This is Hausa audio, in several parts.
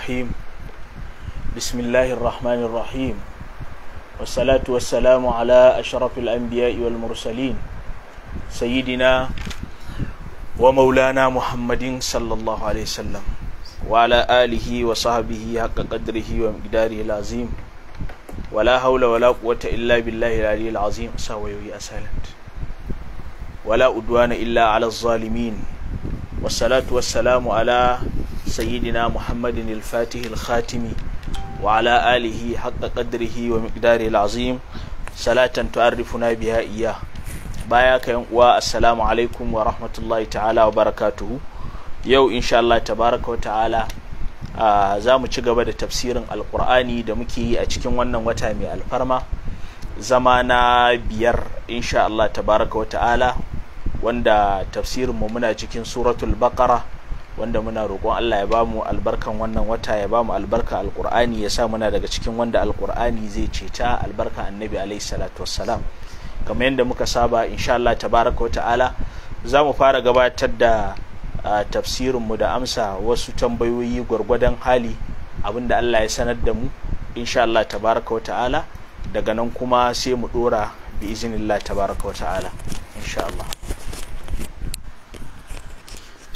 الرحيم بسم الله الرحمن الرحيم والصلاة والسلام على أشرف الأنبياء والمرسلين سيدنا ومولانا محمد صلى الله عليه وسلم وعلى آله وصحبه حق قدره ومقداره العظيم ولا حول ولا قوة إلا بالله العلي العظيم سوي أسالت ولا أدوان إلا على الظالمين والصلاة والسلام على سيدنا محمد الفاتح الخاتم وعلى آله حق قدره ومقداره العظيم صلاة تعرفنا بها إياه باياك والسلام عليكم ورحمة الله تعالى وبركاته يو إن شاء الله تبارك وتعالى za mu ci gaba da tafsirin alkur'ani da muke yi a cikin wannan wata mai alfarma zama na biyar insha Allah tabaraka wa ta'ala wanda tafsirinmu muna cikin suratul baqara wanda muna roƙon Allah ya bamu albarkan wannan wata ya bamu albarka alƙur'ani ya sa muna daga cikin wanda alƙur'ani zai ceta albarka annabi alaihi salatu wassalam kamar yadda muka saba insha Allah tabaraka wa ta'ala za mu fara gabatar da tafsirin mu da amsa wasu tambayoyi gwargwadon hali abinda Allah ya sanar da mu insha Allah tabaraka wa ta'ala daga nan kuma sai mu dora bi iznillah tabaraka wa ta'ala insha Allah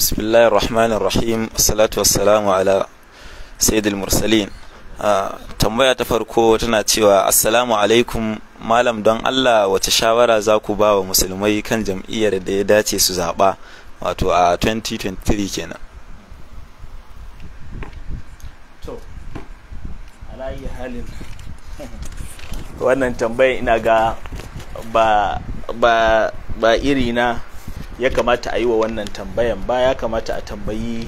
بسم الله الرحمن الرحيم والصلاة والسلام على سيد المرسلين tambaya ta farko tana cewa assalamu alaikum malam don Allah wace shawara za ku ba wa musulmai kan jam'iyyar da ya dace su zaɓa wato a 2023 kenan to alayi halin wannan tambayi ina ga ba ba ba iri na ya kamata a yi wa wannan tambayan ba ya kamata a tambayi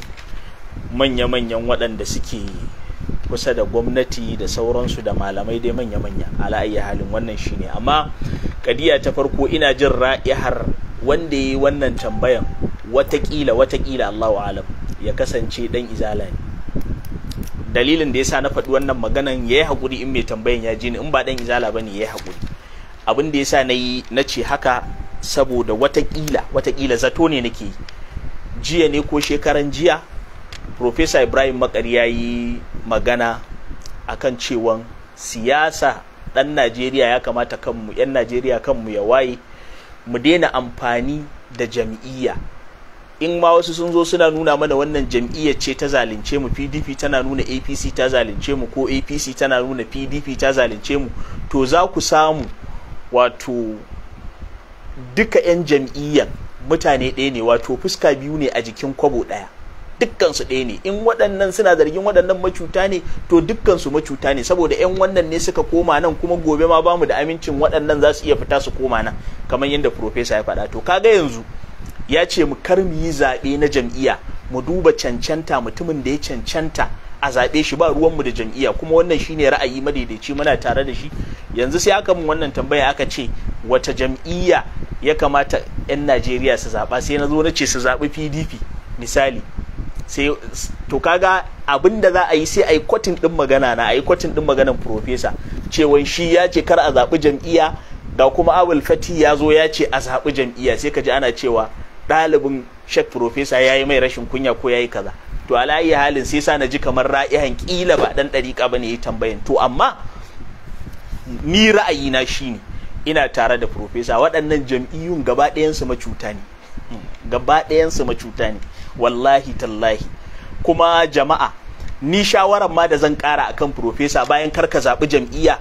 manya-manyan waɗanda suke kusa da gwamnati da sauransu da malamai dai manya-manya ala'ayya halin wannan shine amma kadiya ta farko ina jin ra'ihar wanda ya yi wannan tambayan watakila watakila allahu alam ya kasance dan izala ne dalilin da ya sa na faɗi wannan maganan ya yi haƙuri in mai tambayan ya ji ni in ba dan izala ba ne ya yi haƙuri abin da yasa na yi na ce haka saboda watakila watakila zato ne nake jiya ne ko shekaran jiya Profesa Ibrahim Makari ya yi magana akan cewan siyasa ɗan Najeriya ya kamata kanmu 'yan Najeriya kanmu ya waye mu daina amfani da jam'iyya in ma wasu sun zo suna nuna mana wannan jam'iyyar ce ta zalunce mu pdp tana nuna apc ta zalunce mu ko apc tana nuna pdp ta zalunce mu to za ku samu wato duka 'yan jam'iyyan mutane ɗaya ne wato fuska biyu ne a jikin kwabo ɗaya dukkansu ɗaya ne in waɗannan suna zargin waɗannan macuta ne to dukkansu macuta ne saboda 'yan wannan ne suka koma nan kuma gobe ma bamu da amincin waɗannan za su iya fita su koma nan kamar yadda profesa ya faɗa to kaga yanzu ya ce mu kar mu yi zaɓe na jam'iyya mu duba cancanta mutumin da ya cancanta a zaɓe shi ba ruwanmu da jam'iyya kuma wannan ne ra'ayi madaidaici muna tare da shi yanzu sai aka mun wannan tambaya aka ce wata jam'iyya ya kamata 'yan najeriya su zaɓa sai na zo na ce su zaɓi pdp misali sai to kaga abin da za a yi sai a yi kwatin ɗin magana na a yi kwatin ɗin maganan profesa cewa shi ya ce kar a zaɓi jam'iyya ga kuma awul fati ya zo ya ce a zaɓi jam'iyya sai ka ji ana cewa ɗalibin shek profesa ya yi mai rashin kunya ko ya yi kaza to ala iya halin sai sa na ji kamar ra'ihan kila ba dan dariƙa ne ne tambayan to amma ni ra'ayina ne ina tare da profesa waɗannan jam'iyyun gaba ɗayansu macuta ne hmm, gaba ɗayansu macuta ne wallahi tallahi kuma jama'a ni shawarar ma da zan ƙara akan profesa bayan kar ka zaɓi jam'iyya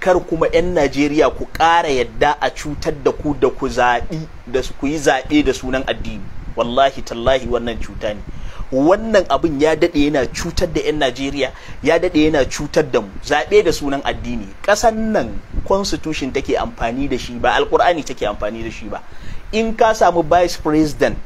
kar kuma 'yan najeriya ku ƙara yadda a cutar da ku da ku zaɓi da ku yi zaɓe da sunan addini wallahi tallahi wannan cuta ne wannan abin ya daɗe yana cutar da 'yan najeriya ya daɗe yana cutar da mu zaɓe da sunan addini ƙasan nan constitution take amfani da shi ba alƙur'ani take amfani da shi ba in ka samu vice president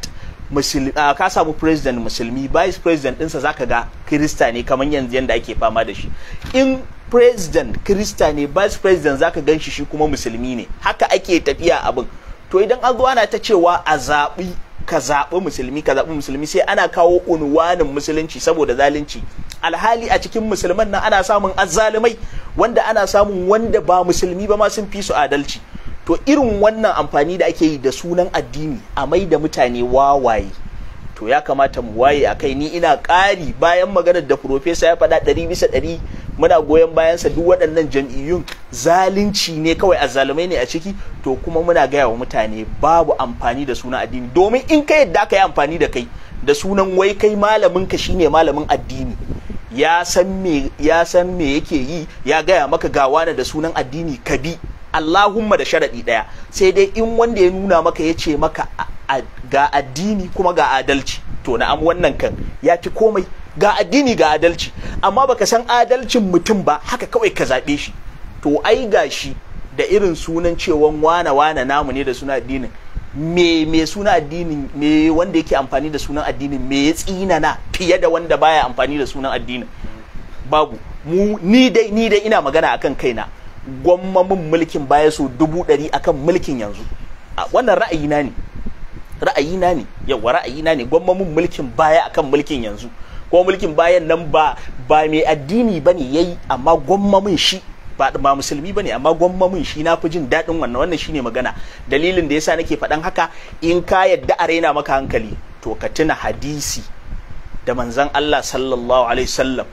musulmi ka samu president musulmi vice president ɗinsa zaka ga kirista ne kamar yanzu yanda ake fama da shi in president kirista ne vice president zaka gan shi shi kuma musulmi ne haka ake tafiya abin to idan an zo ana ta cewa a zaɓi ka zaɓi musulmi ka zaɓi musulmi sai ana kawo unwanin musulunci saboda zalunci alhali a cikin musulman nan ana samun azzalumai wanda ana samun wanda ba musulmi ba ma sun fi su adalci to irin wannan amfani da ake yi da sunan addini a mai da mutane wawaye to ya kamata mu waye a kai ni ina ƙari bayan maganar da profesa ya faɗa ɗari bisa ɗari muna goyon bayansa duk waɗannan jam'iyyun zalunci ne kawai azzalumai ne a ciki to kuma muna gaya wa mutane babu amfani da sunan addini domin in ka yadda ka yi amfani da kai da sunan wai kai malamin ka shine malamin addini ya san me ya san yake yi ya gaya maka gawa da sunan addini ka bi Allahumma da sharadi ɗaya. sai dai in wanda ya nuna maka ya ce maka ga addini kuma ga adalci to na'am wannan kan ya fi komai ga addini ga adalci amma baka san adalcin mutum ba haka kawai ka zaɓe shi to ai gashi da irin sunan cewan wana wana namu ne da suna addinin me me suna addinin me wanda yake amfani da sunan addinin me ya tsinana fiye da wanda baya amfani da sunan addinin babu mu ni dai ni dai ina magana akan kaina mun mulkin baya so dubu ɗari akan mulkin yanzu wannan ra'ayi na ne Ra'ayi na ne yawa na ne Gwamma mun mulkin baya akan mulkin yanzu ko mulkin bayan nan ba ba mai addini bane yayi amma gwamma mun shi ba ba musulmi bane amma gwammamin shi na fi jin daɗin wannan wannan shine magana dalilin da yasa nake faɗan haka in ka yadda a raina maka hankali to ka tuna hadisi da manzon Allah sallallahu alaihi wasallam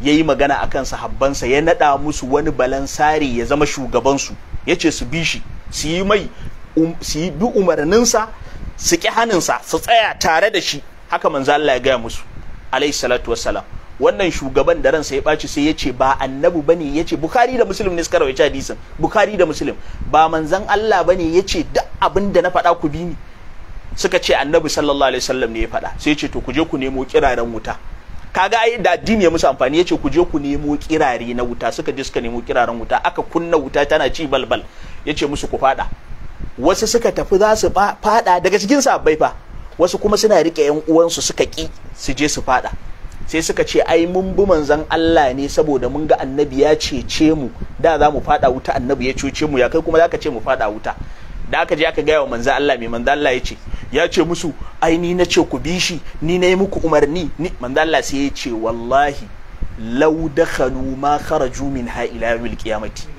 ya magana akan kan sahabbansa ya naɗa musu wani balansari ya zama shugabansu ya ce su bi shi su yi mai um, su yi bi umarninsa su hanin sa su tsaya tare da shi haka manzo Allah ya gaya musu alaihi salatu wassalam wannan shugaban da ransa ya ɓaci sai ya ce ba annabu ba ne ya ce bukari da Musulmi ne suka rawaice hadisin bukari da Musulmi. ba manzan Allah ba ne ya ce duk abin da na faɗa ku bi ni suka ce annabi sallallahu alaihi wasallam ne ya faɗa sai ya ce to ku je ku nemo kiraren wuta kaga ai da addini ya musu amfani yace ku je ku nemo kirare na wuta suka je suka nemo kiraren wuta aka kunna wuta tana ci balbal ce musu ku faɗa wasu suka tafi za su faɗa daga cikin sabbai fa wasu kuma suna riƙe yan uwansu suka ƙi su je su faɗa sai suka ce ai mun bi manzon Allah ne saboda mun ga annabi ya cece mu da za mu fada wuta annabi ya cece mu ya kai kuma zaka ce mu fada wuta da aka je aka gaya wa manzon Allah mai manzon Allah ya ce ya ce musu ai ni na ce ku bi shi ni na yi muku umarni ni manzon Allah sai ya ce wallahi law dakhalu ma kharaju min ha ila yawmil qiyamati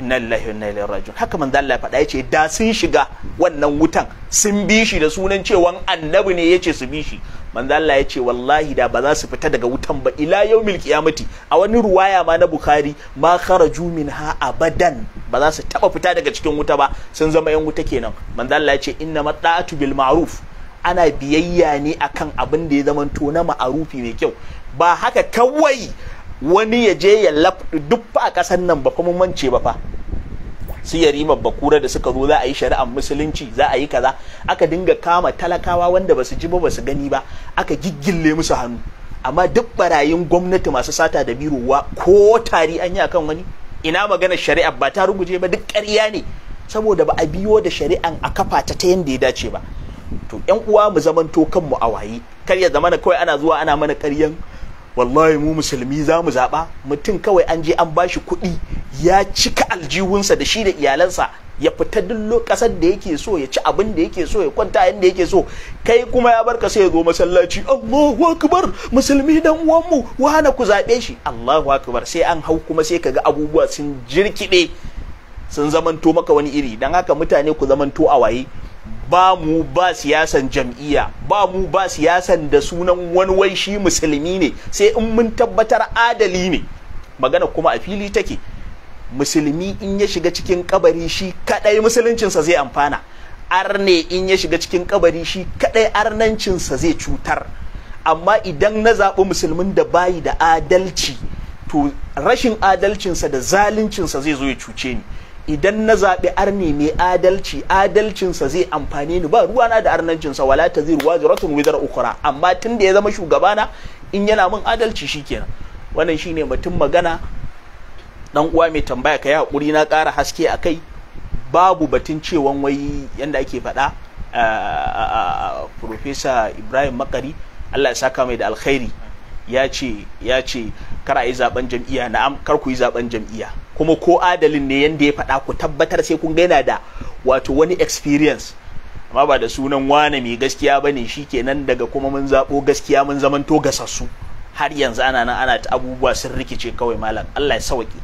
inna lillahi wa inna ilaihi raji'un haka manzo Allah ya faɗa yace da sun shiga wannan wutan sun bi shi da sunan cewa annabi ne yace su bi shi manzo Allah ya ce wallahi da ba za su fita daga wutan ba ila yaumil qiyamati a wani ruwaya ma na bukhari ma kharaju minha abadan ba za su taba fita daga cikin wuta ba sun zama yan wuta kenan manzo Allah ya ce inna mata'atu bil ma'ruf ana biyayya ne akan abin da ya zama to na ma'arufi mai kyau ba haka kawai wani ya je ya lafi duk fa a kasan nan ba fa mun mance ba fa su yarima bakura da suka zo za a yi shari'ar musulunci za a yi kaza aka dinga kama talakawa wanda ba su ji ba su gani ba aka giggille musu hannu amma duk barayin gwamnati masu sata da birowa ko tari an yi akan wani ina magana shari'a ba ta ruguje ba duk ƙarya ne saboda ba a biyo da shari'an a kafa ta ta yanda ya dace ba to yan uwa mu zamanto kanmu a waye kar ya zamana kawai ana zuwa ana mana ƙaryan wallahi mu musulmi za mu zaɓa mutum kawai an je an ba shi kuɗi ya cika aljihunsa da shi da iyalansa ya fita duk ƙasar da yake so ya ci abin da yake so ya kwanta yadda yake so kai kuma ya barka sai ya zo masallaci Allahu akbar musulmi dan uwanmu wani ku zaɓe shi Allahu akbar sai an hau kuma sai kaga abubuwa sun jirkiɗe sun zamanto maka wani iri dan haka mutane ku zamanto a waye ba mu ba siyasan jam'iyya ba mu ba siyasan da sunan wani wai shi musulmi ne sai in mun tabbatar adali ne magana kuma a fili take musulmi in ya shiga cikin kabari shi kadai musuluncinsa zai amfana arne in ya shiga cikin kabari shi kadai arnancinsa zai cutar amma idan na zaɓi musulmin da bayi da adalci to rashin adalcinsa da zaluncinsa zai zo ya cuce ni idan na zaɓi arni mai adalci adalcinsa zai amfani ni ba ruwana da arnancinsa wala ta zai ruwa jiratun wizar ukura amma tun da ya zama shugabana in yana min adalci shi shikenan wannan shine mutum magana ɗan uwa mai tambaya ka yi hakuri na ƙara haske a kai babu batun cewan wai yanda ake faɗa Profesa Ibrahim Makari Allah ya saka mai da alkhairi ya ce kar a yi zaben jam'iyya na'am kar ku yi zaben jam'iyya kuma ko adalin ne yanda ya faɗa ku tabbatar sai kun gaina da wato wani experience amma ba da sunan wane mai gaskiya ba ne shi kenan daga kuma mun zaɓo gaskiya mun zamanto gasassu har yanzu ana nan ana ta abubuwa sun rikice kawai malam Allah ya sauke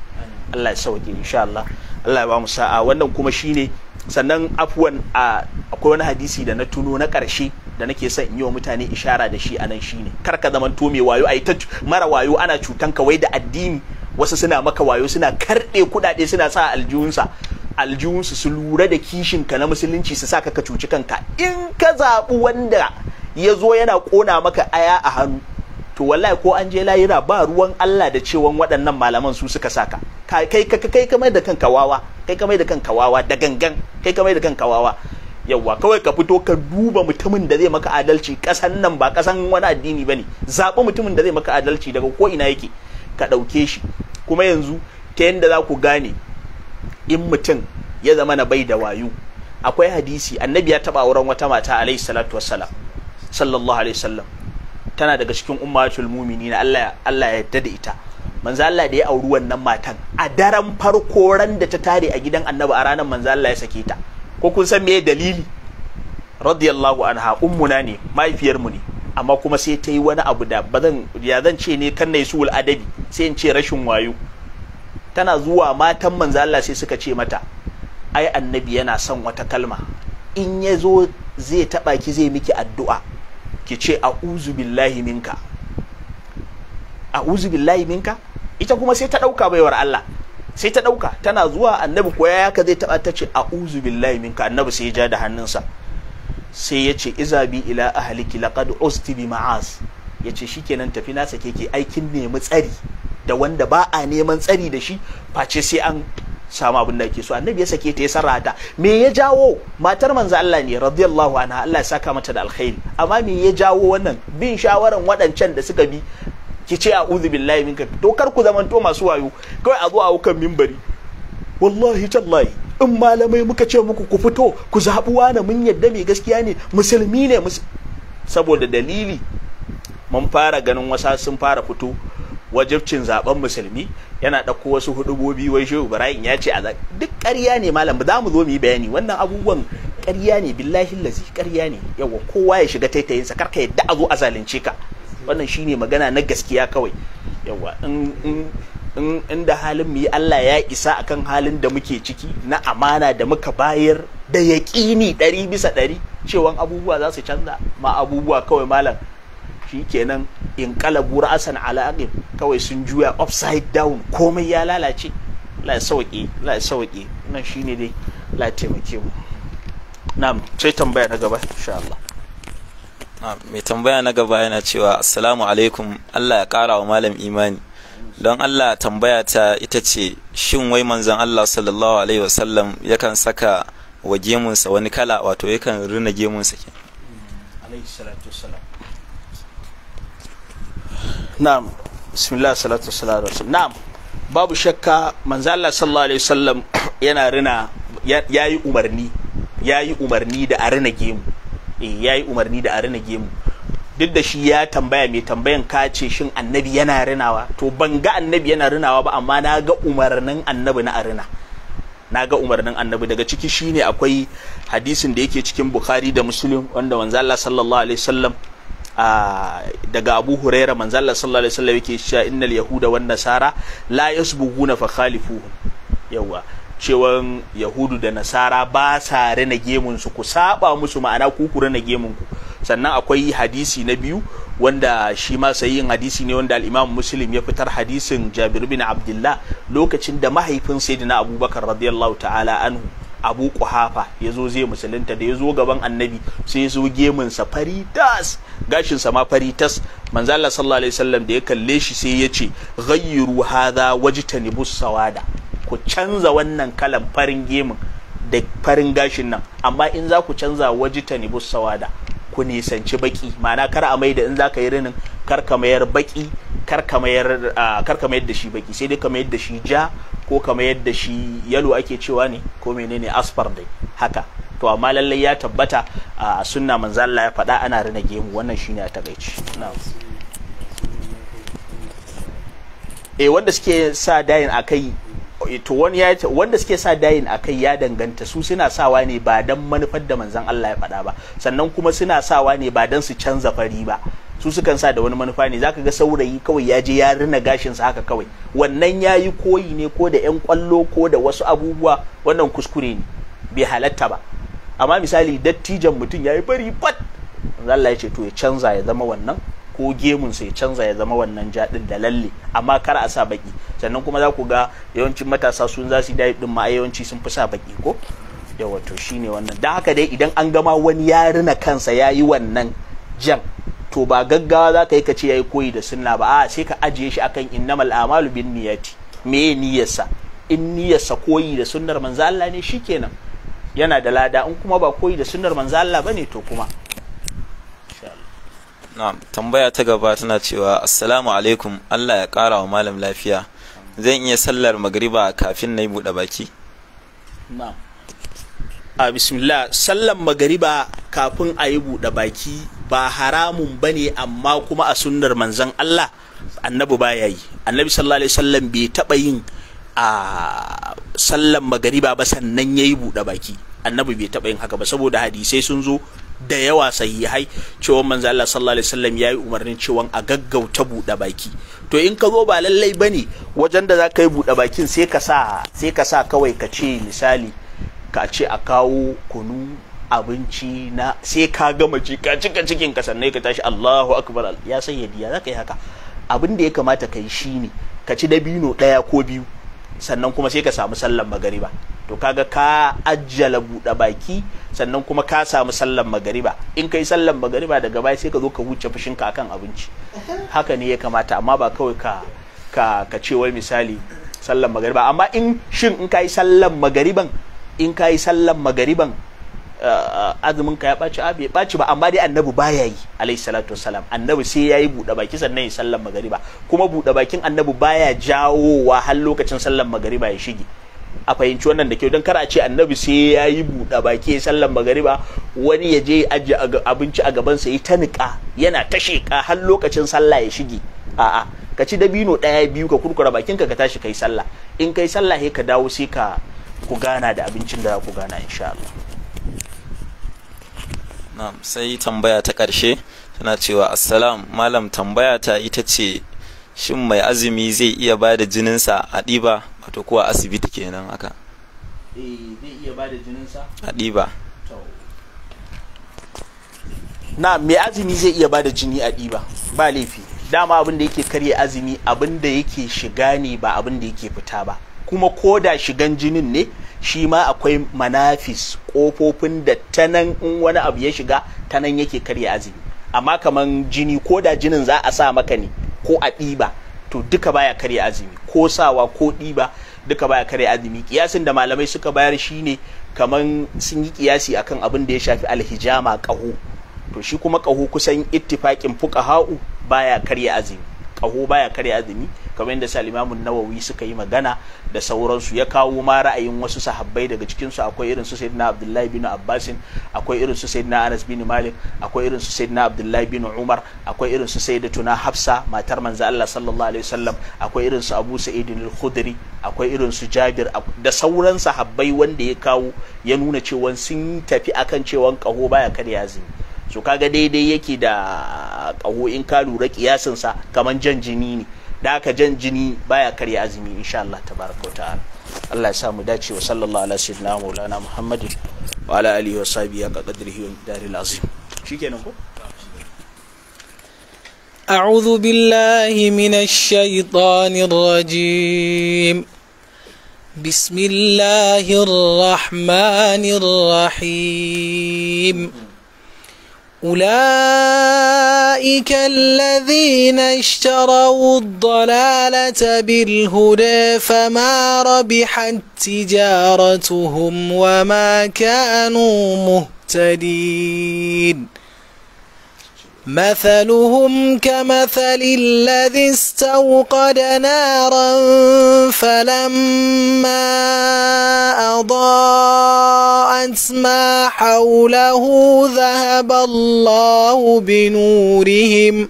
Allah ya sauke insha Allah Allah ya ba mu sa'a wannan kuma shine sannan afwan akwai wani hadisi da na tuno na ƙarshe da nake son in yi wa mutane ishara da shi anan shine kar ka zaman to mai wayo ai ta mara wayo ana cutan ka wai da addini wasu suna maka wayo suna karɗe kuɗaɗe suna sa aljihunsa aljihunsu su lura da kishin ka na musulunci su sa ka cuci kanka in ka zaɓi wanda ya zo yana ƙona maka aya a hannu to wallahi ko an je layira ba ruwan Allah da cewan waɗannan malaman su suka saka kai kai kai kamar da kanka wawa kai kamar da kanka wawa da gangan kai kamar da kanka wawa yawwa kawai ka fito ka duba mutumin da zai maka adalci ƙasan nan ba ƙasan wani addini bane zaɓi mutumin da zai maka adalci daga ko ina yake ka ɗauke shi kuma yanzu ta yadda za ku gane in mutum ya zama na bai da wayu akwai hadisi annabi ya taɓa auren wata mata alaihi salatu wassalam sallallahu alaihi wasallam tana daga cikin ummatul muminin Allah Allah ya yadda da ita manzo Allah da ya auri wannan matan a daren farko ran da ta tare a gidan annabi a ranar manzo Allah ya sake ta ko kun san me dalili radiyallahu anha ummuna ne mahaifiyarmu ne amma kuma sai ta yi wani abu da ba zan ya zan ce ne kan na su adabi sai in ce rashin wayo tana zuwa matan manzo Allah sai suka ce mata ai annabi yana son wata kalma in ya zo zai taba ki zai miki addu'a ki ce a'udhu billahi minka a'udhu billahi minka ita kuma sai ta dauka baiwar Allah sai ta dauka tana zuwa annabi ko ya ka zai taba ta ce a'udhu billahi minka annabi sai ya ja da hannunsa sai ya ce izabi ila ahaliki laqad usti bi ma'as ya ce shi kenan tafi na sake ke aikin nemi tsari da wanda ba a neman tsari da shi face sai an samu abin da ake so annabi ya sake ta ya sarra me ya jawo matar manzo Allah ne radiyallahu anha Allah ya saka mata da alkhairi amma me ya jawo wannan bin shawaran waɗancan da suka bi ki ce a'udhu billahi minka to kar ku zamanto masu wayo kawai a zo a wukan mimbari wallahi tallahi in malamai muka ce muku ku fito ku zaɓi wani mun yadda mai gaskiya ne musulmi ne saboda dalili mun fara ganin wasa sun fara fito wajibcin zaben musulmi yana ɗauko wasu gobi wai shehu ibrahim ya ce a duk ƙarya ne malam za mu zo mu yi bayani wannan abubuwan ƙarya ne billahi lazi ƙarya ne yawa kowa ya shiga taitayinsa kar ka yadda a zo a zalunce ka wannan shine magana na gaskiya kawai yawa in inda halin mu yi Allah ya isa akan halin da muke ciki na amana da muka bayar da yaƙini ɗari bisa ɗari cewa abubuwa za su canza ma abubuwa kawai malam shi kenan in kala asan ala aqib kawai sun juya upside down komai ya lalace la allah la sauke nan shine dai la taimake mu na'am sai tambaya na gaba insha Allah mai tambaya na gaba yana cewa assalamu alaikum Allah ya kara wa malam imani don Allah tambaya ta ita ce shin wai manzon Allah sallallahu alaihi wasallam yakan saka wa gemunsa wani kala wato yakan rina gemunsa ke na'am bismillah salatu wassalamu na'am babu shakka manzo Allah sallallahu alaihi wasallam yana rina yayi umarni yayi umarni da a rina gemu eh yayi umarni da a rina gemu duk da shi ya tambaya mai tambayan ka ce shin annabi yana rinawa to ban ga annabi yana rinawa ba amma na ga umarnin annabi na arina na ga umarnin annabi daga ciki shine akwai hadisin da yake cikin bukhari da muslim wanda manzo Allah sallallahu alaihi wasallam daga abu huraira manzo Allah sallallahu alaihi wasallam yake cewa innal yahuda wan nasara la yasbuguna fa khalifuhum yawa cewan yahudu da nasara ba sa rena gemunsu ku saba musu ma'ana kuku ku rena gemunku sannan akwai hadisi na biyu wanda shi ma sayin hadisi ne wanda al-imam muslim ya fitar hadisin jabir bin abdullah lokacin da mahaifin sayyidina abubakar radiyallahu ta'ala anhu abu kuhafa ya zo zai musulunta da ya zo gaban annabi sai ya zo geminsa faritas gashinsa ma faritas manzo sallallahu alaihi wasallam da ya kalle shi sai ya ce ghayyiru hadha wajtanibus sawada ku canza wannan kalan farin gemun da farin gashin nan amma in za ku canza waji ta nibu sawada ku nisanci baki ma'ana kar a mai da in za ka yi rinin kar ka mayar baki kar ka mayar da shi baki sai dai ka mayar da shi ja ko ka mayar da shi yalo ake cewa ne ko menene asfar dai haka to amma lallai ya tabbata a sunna manzo Allah ya faɗa ana rina gemu wannan shine a takaici eh wanda suke sa dayin kai. to wani ya ce wanda suke sa dayin a kai ya danganta su suna sawa ne ba dan manufar da manzon Allah ya faɗa ba sannan kuma suna sawa ne ba dan su canza fari ba su sukan sa da wani manufa ne zaka ga saurayi kawai ya je ya rina gashin sa haka kawai wannan yayi koyi ne ko da yan kwallo ko da wasu abubuwa wannan kuskure ne bai halatta ba amma misali dattijan mutum yayi bari bat Allah ya ce to ya canza ya zama wannan ko gemun ya canza ya zama wannan jaɗin da lalle amma kar a sa baki sannan kuma za ku ga yawancin matasa sun za su dai din ma yawanci sun fi sa baki ko da wato shine wannan dan haka dai idan an gama wani ya rina kansa ya yi wannan jan to ba gaggawa za ka yi ka ce ya yi koyi da sunna ba a sai ka ajiye shi akan innamal amalu bin niyyati me niyyarsa in niyyarsa koyi da sunnar manzo Allah ne shikenan yana da lada in kuma ba koyi da sunnar manzo Allah bane to kuma na'am tambaya ta gaba tana cewa assalamu alaikum Allah ya kara wa malam lafiya zan iya sallar magriba kafin na yi buɗe baki na'am a bismillah sallar magariba kafin a yi buɗe baki ba haramun ba ne amma kuma a sunnar manzan Allah annabi ba ya yi annabi sallallahu alaihi wasallam bai taɓa yin a sallar magariba ba sannan ya yi buɗe baki annabi bai taɓa yin haka ba saboda hadisai sun zo da yawa sahihai cewa manzo Allah sallallahu alaihi wasallam yayi umarnin cewa a gaggauta buɗe baki to in ka zo ba lallai bane wajen da za ka yi buɗe bakin sai ka sa sai ka sa kawai ka ce misali ka ce a kawo kunu abinci na sai ka gama ci ka cika cikin ka sannan ka tashi Allahu akbar ya sayyadi ya ka yi haka abin da ya kamata ka yi shine ka ci dabino daya ko biyu sannan kuma sai ka samu sallan magariba to kaga ka ajjala buɗe baki sannan kuma ka samu sallan magariba in kai sallan magariba daga baya sai ka zo ka huce fushinka akan abinci haka ne ya kamata amma ba kawai ka ka ka ce wai misali sallan magariba amma in shin in kai sallan magariban in kai sallan magariban eh, eh, azumin ka ya ɓaci a ah, ya ɓaci ba amma dai annabi baya yi alayhi salatu wassalam annabi sai ya yi buɗe baki sannan ya sallan magariba kuma buɗe bakin annabi baya jawowa har lokacin sallan magariba ya shige a fahimci wannan da kyau don kar a ce annabi sai ya yi buɗa baki ya sallan magariba wani ya je aji abinci a gabansa ya ta niƙa yana ta sheƙa har lokacin sallah ya shige a'a ka ci dabino ɗaya biyu ka kurkura bakinka ka tashi kai sallah in kai sallah sai ka dawo sai ka ku gana da abincin da za ku gana insha Allah sai tambaya ta ƙarshe tana cewa assalam malam tambaya ta ita ce shin mai azumi zai iya ba da jininsa a ɗiba wato ko a asibiti kenan haka eh, zai iya ba na mai azumi zai iya bada jini a ɗiba ba laifi dama abin da yake karya azumi abin da yake shiga ne ba abin da yake fita ba kuma ko da shigan jinin ne shi ma akwai manafis ƙofofin da ta nan in wani abu ya shiga ta nan yake karya azumi amma kaman jini ko da jinin za a sa maka ne ko a ɗiba to duka baya karya azumi ko sawa ko ɗiba duka baya karya azumi kiyasin da malamai suka bayar shine kaman sun yi kiyasi akan abin da ya shafi alhijama ƙaho to shi kuma kaho kusan ittifaƙin fuqaha'u baya karya azumi ƙaho baya karya azumi kamar yadda sa Imam Nawawi suka yi magana da sauransu ya kawo ma ra'ayin wasu sahabbai daga cikin su akwai irin su Sayyidina Abdullahi bin Abbas akwai irin su Sayyidina Anas bin Malik akwai irin su Sayyidina Abdullahi bin Umar akwai irin su Sayyidatuna Hafsa matar manzo Allah sallallahu alaihi wasallam akwai irin su Abu Sa'id al-Khudri akwai irin su Jabir da sauran sahabbai wanda ya kawo ya nuna cewa sun tafi akan cewa kaho baya karya yazi so kaga daidai yake da kaho in ka lura sa kaman jan jini ne da aka jan jini baya karya azumi insha Allah tabaraka ta'ala Allah ya samu dace wa sallallahu ala sayyidina maulana muhammadin wa ala alihi wa sahbihi ya qadrihi wa daril azim shikenan ko أعوذ بالله من الشيطان الرجيم بسم الله الرحمن الرحيم أولئك الذين اشتروا الضلالة بالهدى فما ربحت تجارتهم وما كانوا مهتدين مثلهم كمثل الذي استوقد نارا فلما أضاءت ما حوله ذهب الله بنورهم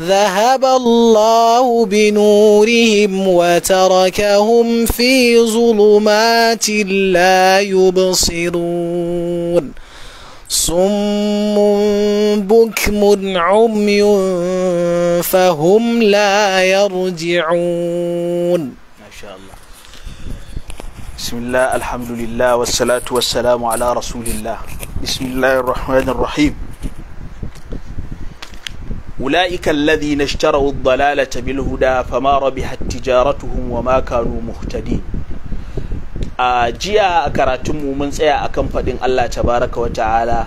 ذهب الله بنورهم وتركهم في ظلمات لا يبصرون صم بكم عمي فهم لا يرجعون ما شاء الله بسم الله الحمد لله والصلاة والسلام على رسول الله بسم الله الرحمن الرحيم أولئك الذين اشتروا الضلالة بالهدى فما ربحت تجارتهم وما كانوا مهتدين a jiya a karatun mu mun tsaya akan faɗin Allah tabaraka wa ta'ala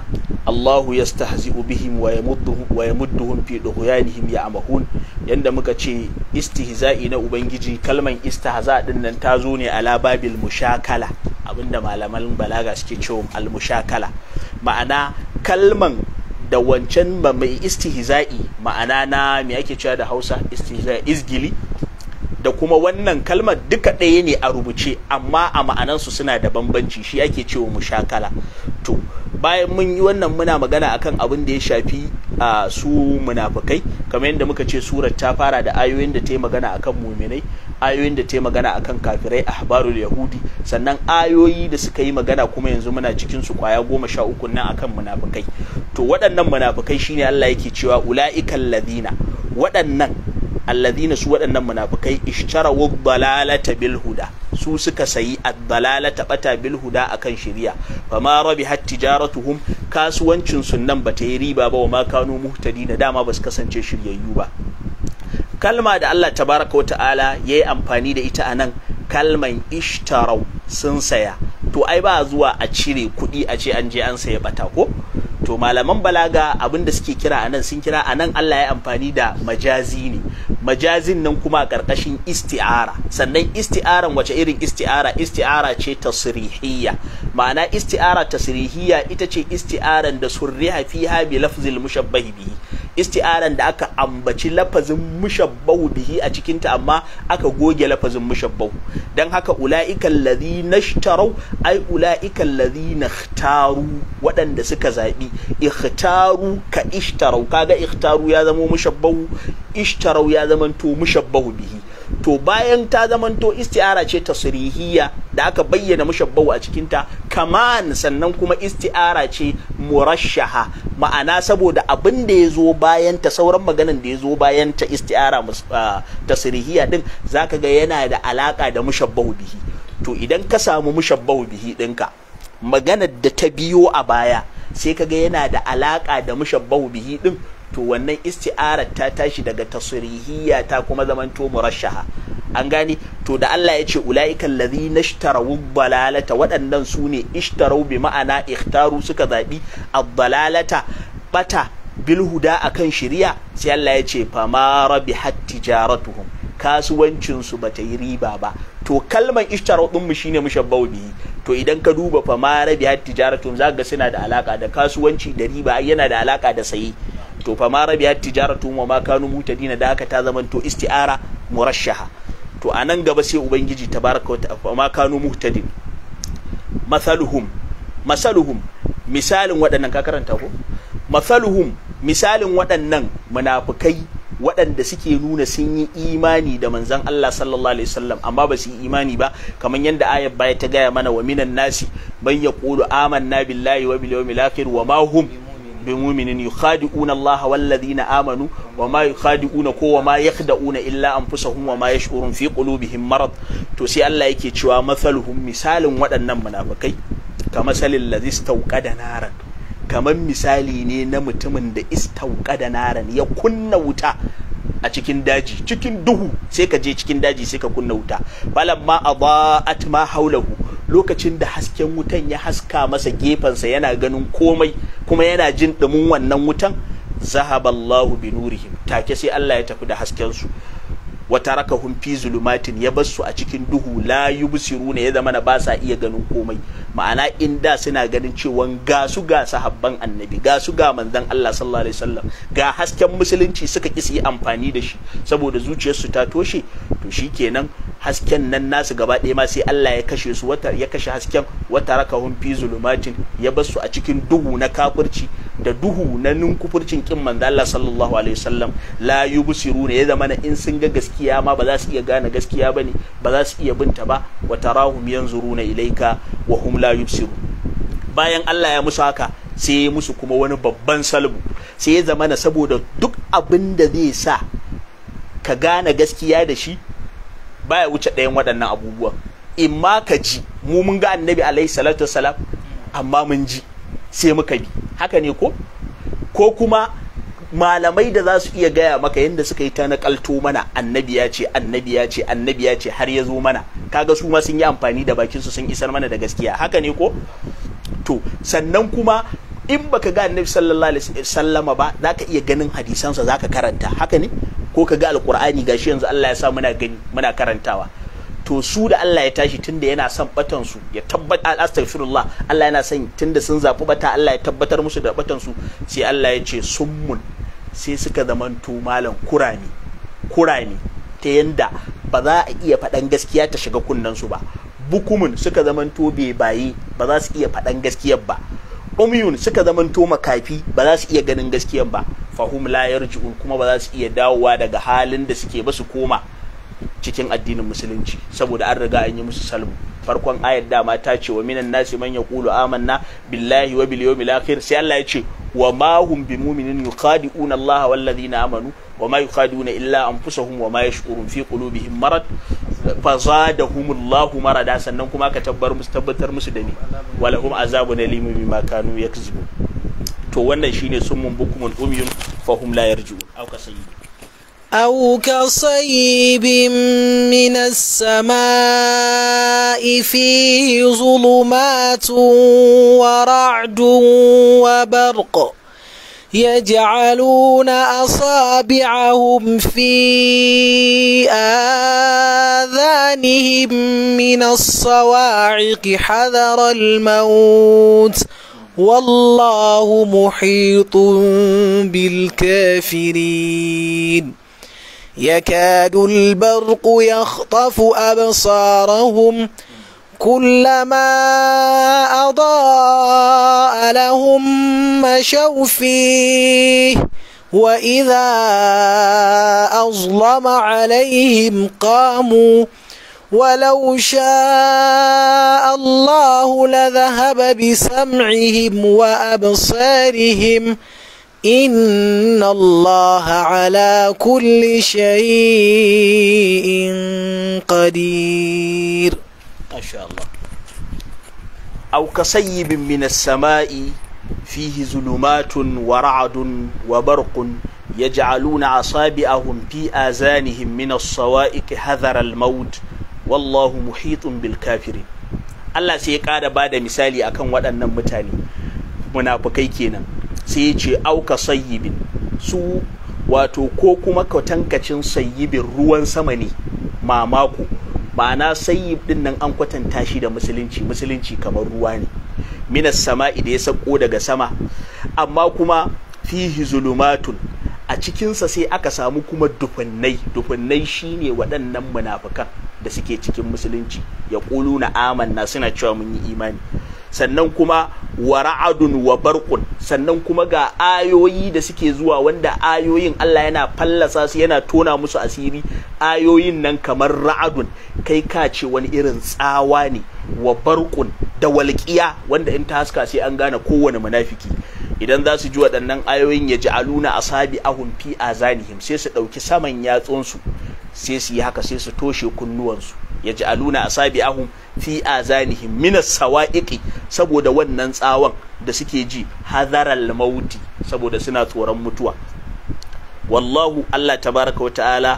Allahu yastahzi'u bihim wa yamudduhum wa yamudduhum fi dughyanihim ya'mahun yanda muka ce istihza'i na ubangiji kalman istihza din nan ta zo ne ala babil mushakala abinda malaman balaga suke cewa al mushakala ma'ana kalman da wancan ba mai istihza'i ma'ana na me ake cewa da Hausa istihza'i izgili da kuma wannan kalmar duka ɗaya ne a rubuce amma a ma'anansu suna da bambanci shi ake cewa mu shakala to bayan mun yi wannan muna magana akan abin da ya shafi a su munafukai kamar yadda muka ce surar ta fara da ayoyin da ta yi magana akan muminai ayoyin da ta yi magana akan kafirai a habarul yahudi sannan ayoyi da suka yi magana kuma yanzu muna cikin su kwaya goma sha uku nan akan munafukai to waɗannan munafukai shine Allah yake cewa ula'ikal ladina waɗannan alladhina su waɗannan munafikai ishtarawu dalalata bil huda su suka sayi ad-dalalata bata bil huda akan shari'a fama rabihat tijaratuhum kasuwancin nan bata yi riba ba wa ma kanu muhtadina dama basu kasance shiryayyu ba kalma da Allah tabaraka wa ta'ala yayi amfani da ita anan kalman ishtarau sun saya to ai ba zuwa a cire kuɗi a ce an je an saya bata ko to malaman balaga abin da suke kira anan sun kira anan Allah ya amfani da majazi ne majazin nan kuma a ƙarƙashin isti'ara sannan isti'aran wace irin isti'ara isti'ara ce tasrihiyya ma'ana isti'ara tasrihiyya ita ce isti'aran da surriha fiha bi lafzil mushabbahi bihi isti'aran da aka ambaci lafazin mushabbahu bihi a cikin ta amma aka goge lafazin mushabbahu dan haka ula'ika alladhi nashtarau ai ula'ika alladhi nakhtaru waɗanda suka zaɓi ikhtaru ka ishtarau kaga ikhtaru ya zama mushabbahu ishtarau ya zama to mushabbahu bihi to bayan ta zamanto isti'ara ce sirihiya da aka bayyana mushabbahu a cikin ta kaman sannan kuma isti'ara ce murashaha ma'ana saboda abin da ya zo bayan ta sauran maganan da ya zo bayan ta isti'ara sirihiya din zaka ga yana da alaka da mushabbahu bihi to idan ka samu mushabbahu bihi dinka maganar da ta biyo a baya sai kaga yana da alaka da mushabbahu bihi din to wannan isti'arar ta tashi daga tasrihiyya ta kuma zamanto murashaha an gani to da Allah ya ce ulaika alladhina ishtarawu dalalata waɗannan su ne ishtarau bi ma'ana ikhtaru suka zaɓi ad-dalalata bata bil huda akan shari'a sai Allah ya ce fama rabihat tijaratuhum kasuwancin su bata yi riba ba to kalmar ishtarau din mu shine mushabbau bihi to idan ka duba fama rabihat tijaratuhum zaka ga suna da alaka da kasuwanci da riba yana da alaka da saye to fa ma rabiya tijaratu wa ma kanu mutadina da haka ta zamanto isti'ara murashaha to a nan gaba sai ubangiji tabaraka wa ta'ala ma kanu muhtadin masaluhum masaluhum misalin waɗannan ka karanta ko masaluhum misalin waɗannan munafikai waɗanda suke nuna sun yi imani da manzon Allah sallallahu alaihi wasallam amma ba su yi imani ba kamar yadda ayat baya ta gaya mana wa minan nasi ban yaqulu amanna billahi wa bil yawmil akhir wa ma hum bimuminin yi khadi una Allah wallazi na amanu wa ma yi khadi una ko wa ma yakhda una illa an fusa hun wa ma ya shurun fi qulubihim marad to sai Allah yake cewa mathaluhum misalin waɗannan munafikai ka masalin lazi stauqada naran kamar misali ne na mutumin da istauqada naran ya kunna wuta a cikin daji cikin duhu sai ka je cikin daji sai ka kunna wuta falamma adaat ma haulahu lokacin da hasken wutan ya haska masa gefensa yana ganin komai kuma yana jin dumin wannan wutan zahaballahu binurihim take sai Allah ya tafi da hasken su wa tarakahum fi zulumatin ya bar a cikin duhu la yubsiruna ya zama na ba sa iya ganin komai ma'ana in da suna ganin cewa ga su ga sahabban annabi ga su ga manzon Allah sallallahu alaihi wasallam ga hasken musulunci suka kisi amfani da shi saboda zuciyarsu ta toshe to shikenan hasken nan nasu gaba ɗaya ma sai Allah ya kashe su wata ya kashe hasken wata humfi fi zulumatin ya bar a cikin duhu na kafirci da duhu na ninkufurcin kin manzon Allah sallallahu alaihi wasallam la yubsiruna ya zama na in sun ga gaskiya gaskiya ma ba za su iya gane gaskiya ba ne ba za su iya binta ba wa tarahum yanzuruna ilaika wa hum la yubsiru bayan Allah ya musu haka sai ya musu kuma wani babban salbu sai ya zama na saboda duk abin da zai sa ka gane gaskiya da shi baya wuce ɗayan waɗannan abubuwa in ma ka ji mu mun ga annabi alaihi salatu wassalam amma mun ji sai muka bi haka ne ko ko kuma malamai da za su iya gaya maka yadda suka yi ta na kalto mana annabi ya ce annabi ya ce annabi ya ce har ya zo mana kaga su ma sun yi amfani da bakin su sun isar mana da gaskiya haka ne ko to sannan kuma in baka ga annabi sallallahu alaihi sallama ba za ka iya ganin hadisansa za ka karanta haka ne ko ka ga alkur'ani gashi yanzu Allah ya sa muna gani muna karantawa to su da Allah ya tashi tunda yana son batan su ya tabbata astaghfirullah Allah yana son tunda sun zafi bata Allah ya tabbatar musu da batan su sai Allah ya ce summun sai suka zamanto malam kurami kurami ta yadda ba za a iya faɗan gaskiya ta shiga kunnensu ba bukumin suka bai bebaye ba za su iya faɗan gaskiyar ba umyun suka zamanto makafi ba za su iya ganin gaskiyar ba fahum la yarji'un kuma ba za su iya dawowa daga halin da suke ba su koma cikin addinin musulunci saboda an riga an yi musu salmu farkon ayar dama ta ce wa minan nasi man yaqulu amanna billahi wa bil yawmil akhir sai Allah ya ce wa ma hum mu'minin yuqadi'una Allah wal ladina amanu wa ma yuqadi'una illa anfusahum wa ma yashkurun fi qulubihim marad fa Allah marada sannan kuma ka tabbar musu tabbatar musu da ni walahum azabun alim bima kanu yakzibu to wannan shine summun bukumul umyun hum la yarji'un au kasayyi أو كصيب من السماء فيه ظلمات ورعد وبرق يجعلون أصابعهم في آذانهم من الصواعق حذر الموت والله محيط بالكافرين يكاد البرق يخطف أبصارهم كلما أضاء لهم مشوا فيه وإذا أظلم عليهم قاموا ولو شاء الله لذهب بسمعهم وأبصارهم ۖ إن الله على كل شيء قدير ما شاء الله أو كصيب من السماء فيه ظلمات ورعد وبرق يجعلون أصابعهم في آذانهم من الصوائق حذر الموت والله محيط بالكافرين Allah sai ya ƙara ba da misali akan waɗannan mutane munafukai kenan sai ce auka sayyibin su wato ko kuma ka tankacin sayyibin ruwan sama ne mamako ma'ana sayyib din nan an kwatanta shi da musulunci musulunci kamar ruwa ne minas sama da ya sauko daga sama amma kuma fihi zulumatun a cikinsa sai aka samu kuma dufunnai dufunnai shine waɗannan munafukan da suke cikin musulunci ya na amanna suna cewa mun yi imani sannan kuma wa ra'adun wa barqun sannan kuma ga ayoyi da suke zuwa wanda ayoyin Allah yana fallasa su yana tona musu asiri ayoyin nan kamar ra'adun kai ka ce wani irin tsawa ne wa barqun da walƙiya wanda in ta haska sai an gane kowane munafiki idan za su ji waɗannan ayoyin ya ji ja'aluna sabi ahun fi azanihim sai su ɗauki saman yatsunsu sai su yi haka sai su toshe kunnuwansu ya ji a sabi asabi'ahum fi a zanihin mina sawa'iƙi saboda wannan tsawon da suke ji hazarar mauti saboda suna tsoron mutuwa wallahu Allah tabaraka wa ta'ala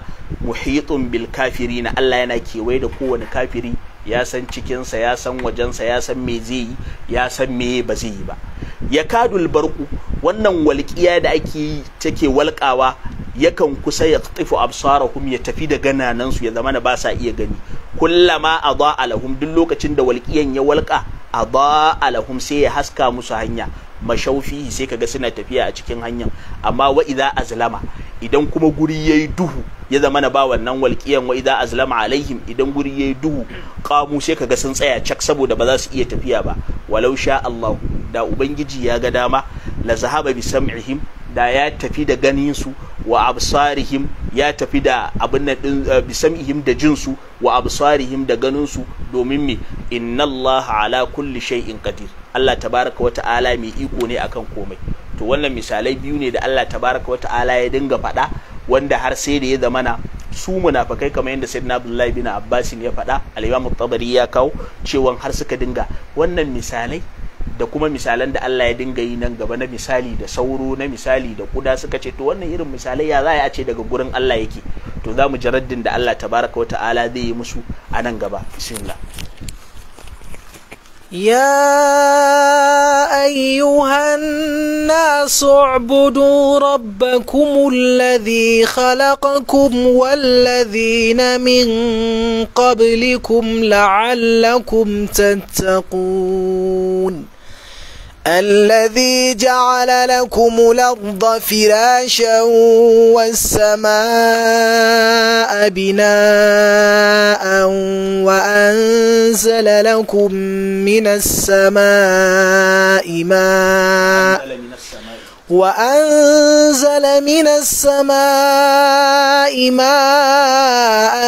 muhitun bil na Allah yana kewaye da kowane kafiri ya san cikinsa ya san wajensa ya san me zai yi ya san me ba zai yi ba ya kadul barku wannan walƙiya da ake yi take walƙawa yakan kusa ya tsifu absarahum ya tafi da gananansu ya zama na ba sa iya gani kullama a lahum duk lokacin da walƙiyan ya za a lahum sai ya haska musu hanya mashaufi sai kaga suna tafiya a cikin hanyar amma wa iza azlama idan kuma guri yayi duhu ya zama na ba wannan walƙiyan wa iza azlama alaihim idan guri yayi duhu ƙamu sai kaga sun tsaya cak saboda ba za su iya tafiya ba walau sha Allah da ubangiji ya ga dama la zahaba bi sam'ihim da ya tafi da ganinsu wa absarihim ya tafi da abin eh, bisam'ihim da jinsu wa absarihim da ganinsu domin me inna Allah ala kulli shay'in qadir Allah tabaraka wa ta'ala mai iko ne akan komai to wannan misalai biyu ne da Allah tabaraka wa ta'ala ya dinga faɗa wanda har sai da ya zamana su munafakai kamar yadda sayyidina abdullahi bin abbasin ya faɗa al-imam tabari ya kawo cewa har suka dinga wannan misalai da kuma misalan da Allah ya dinga yi nan gaba na misali da sauro na misali da kuda suka ce to wannan irin misalai ya za a ce daga gurin Allah yake to za mu jaraddin da Allah tabaraka wa ta'ala zai yi musu a nan gaba bismillah يا أيها الناس اعبدوا ربكم الذي خلقكم والذين من قبلكم لعلكم تتقون الذي جعل لكم الأرض فراشا والسماء بناء وأنزل لكم من السماء ماء وأنزل من السماء ماء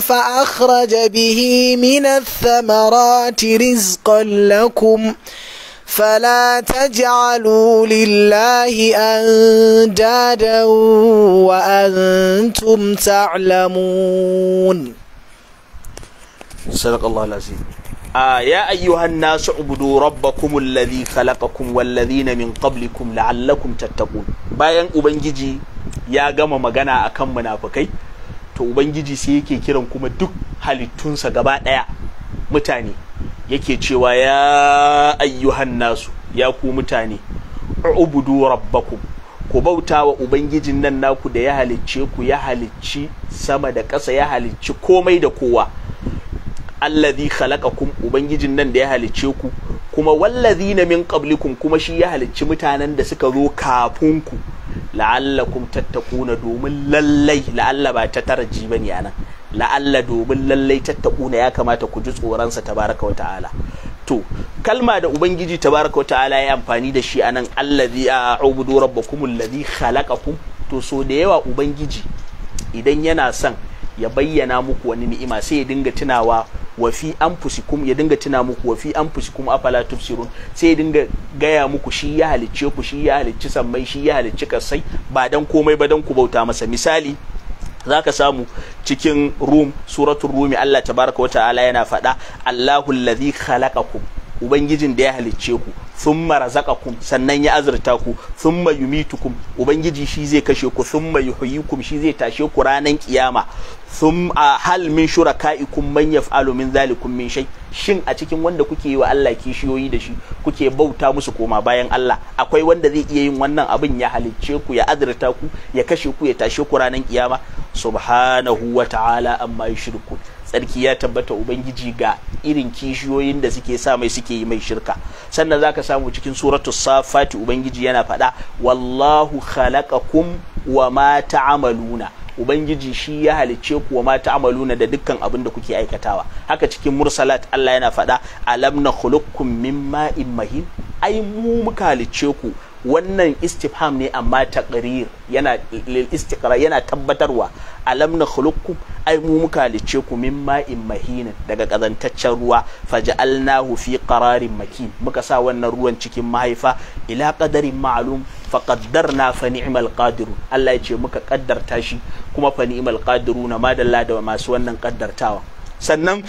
فأخرج به من الثمرات رزقا لكم ۖ فلا تجعلوا لله أندادا وأنتم تعلمون صدق الله العظيم آه يا أيها الناس اعبدوا ربكم الذي خلقكم والذين من قبلكم لعلكم تتقون bayan ubangiji ya gama magana akan munafukai to ubangiji sai yake kiran kuma duk halittunsa gaba ɗaya mutane yake cewa ya ayyuhan nasu ya ku mutane ubudu rabbakum ku bauta wa ubangijin nan naku da ya halicce ku ya halicci sama da ƙasa ya halicci komai da kowa allazi khalaqakum ubangijin nan da ya halicce ku kuma wallazina min qablikum kuma shi ya halicci mutanen da suka zo kafin ku la'allakum tattaquna domin lallai la'alla ba ta taraji bane anan la'alla domin lallai tattaku ya kamata ku ji tsoronsa tabaraka wa ta'ala to kalma da ubangiji tabaraka wa ta'ala ya amfani da shi a anan allazi a'budu rabbakum allazi khalaqakum to so da yawa ubangiji idan yana son ya bayyana muku wani ni'ima sai ya dinga tunawa wa fi anfusikum ya dinga tuna muku wa fi anfusikum afala sai ya dinga gaya muku shi ya halicce ku shi ya halicci sammai shi ya halicci kasai ba dan komai ba dan ku bauta masa misali zaka samu cikin rum suratul rumi Allah tabaraka wa ta'ala yana faɗa Allahu allazi khalaqakum ubangijin da ya halicce ku sun marazaka ku sannan ya azurta ku thumma yumitukum ubangiji shi zai kashe ku hoyi yuhyikum shi zai tashe ku ranan kiyama a hal min shurakaikum man yaf'alu min zalikum min shay shin a cikin wanda kuke yi wa Allah kishiyoyi da shi kuke bauta musu koma bayan Allah akwai wanda zai iya yin wannan abin ya halicce ku ya azurta ku ya kashe ku ya tashe ku ranan kiyama subhanahu wa ta'ala amma yushrikun tsarki ya tabbata ubangiji ga irin kishiyoyin da suke sa mai suke yi mai shirka sannan zaka samu cikin suratu safati ubangiji yana faɗa wallahu khalaqakum wa ma ta'maluna ubangiji shi ya halicce ku wa ma ta'maluna da dukkan abin da kuke aikatawa haka cikin mursalat Allah yana faɗa alam na khuluqkum min ma'in mahin ai mu muka halicce ku wannan istifham ne amma taqrir yana lil istiqra yana tabbatarwa alam na ai mu muka lice ku min ma'in mahinin daga kazantaccen ruwa faja'alnahu fi qararin makin muka sa wannan ruwan cikin mahaifa ila qadarin ma'lum qaddarna fa ni'mal qadirun Allah ya ce muka kaddarta shi kuma fa ni'mal qadiruna madalla da masu wannan kaddartawa sannan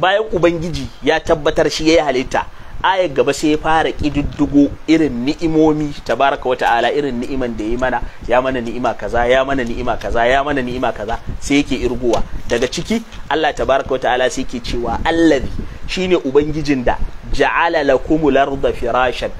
bayan ubangiji ya tabbatar shi yayi halitta ayar gaba sai ya fara kididdigo irin ni'imomi tabaraka wa ta'ala irin ni'iman da ya mana ya mana ni'ima kaza ya mana ni'ima kaza ya mana ni'ima kaza sai yake irguwa daga ciki Allah tabaraka wa ta'ala sai yake cewa allazi shine ubangijin da ja'ala lakumul arda firashan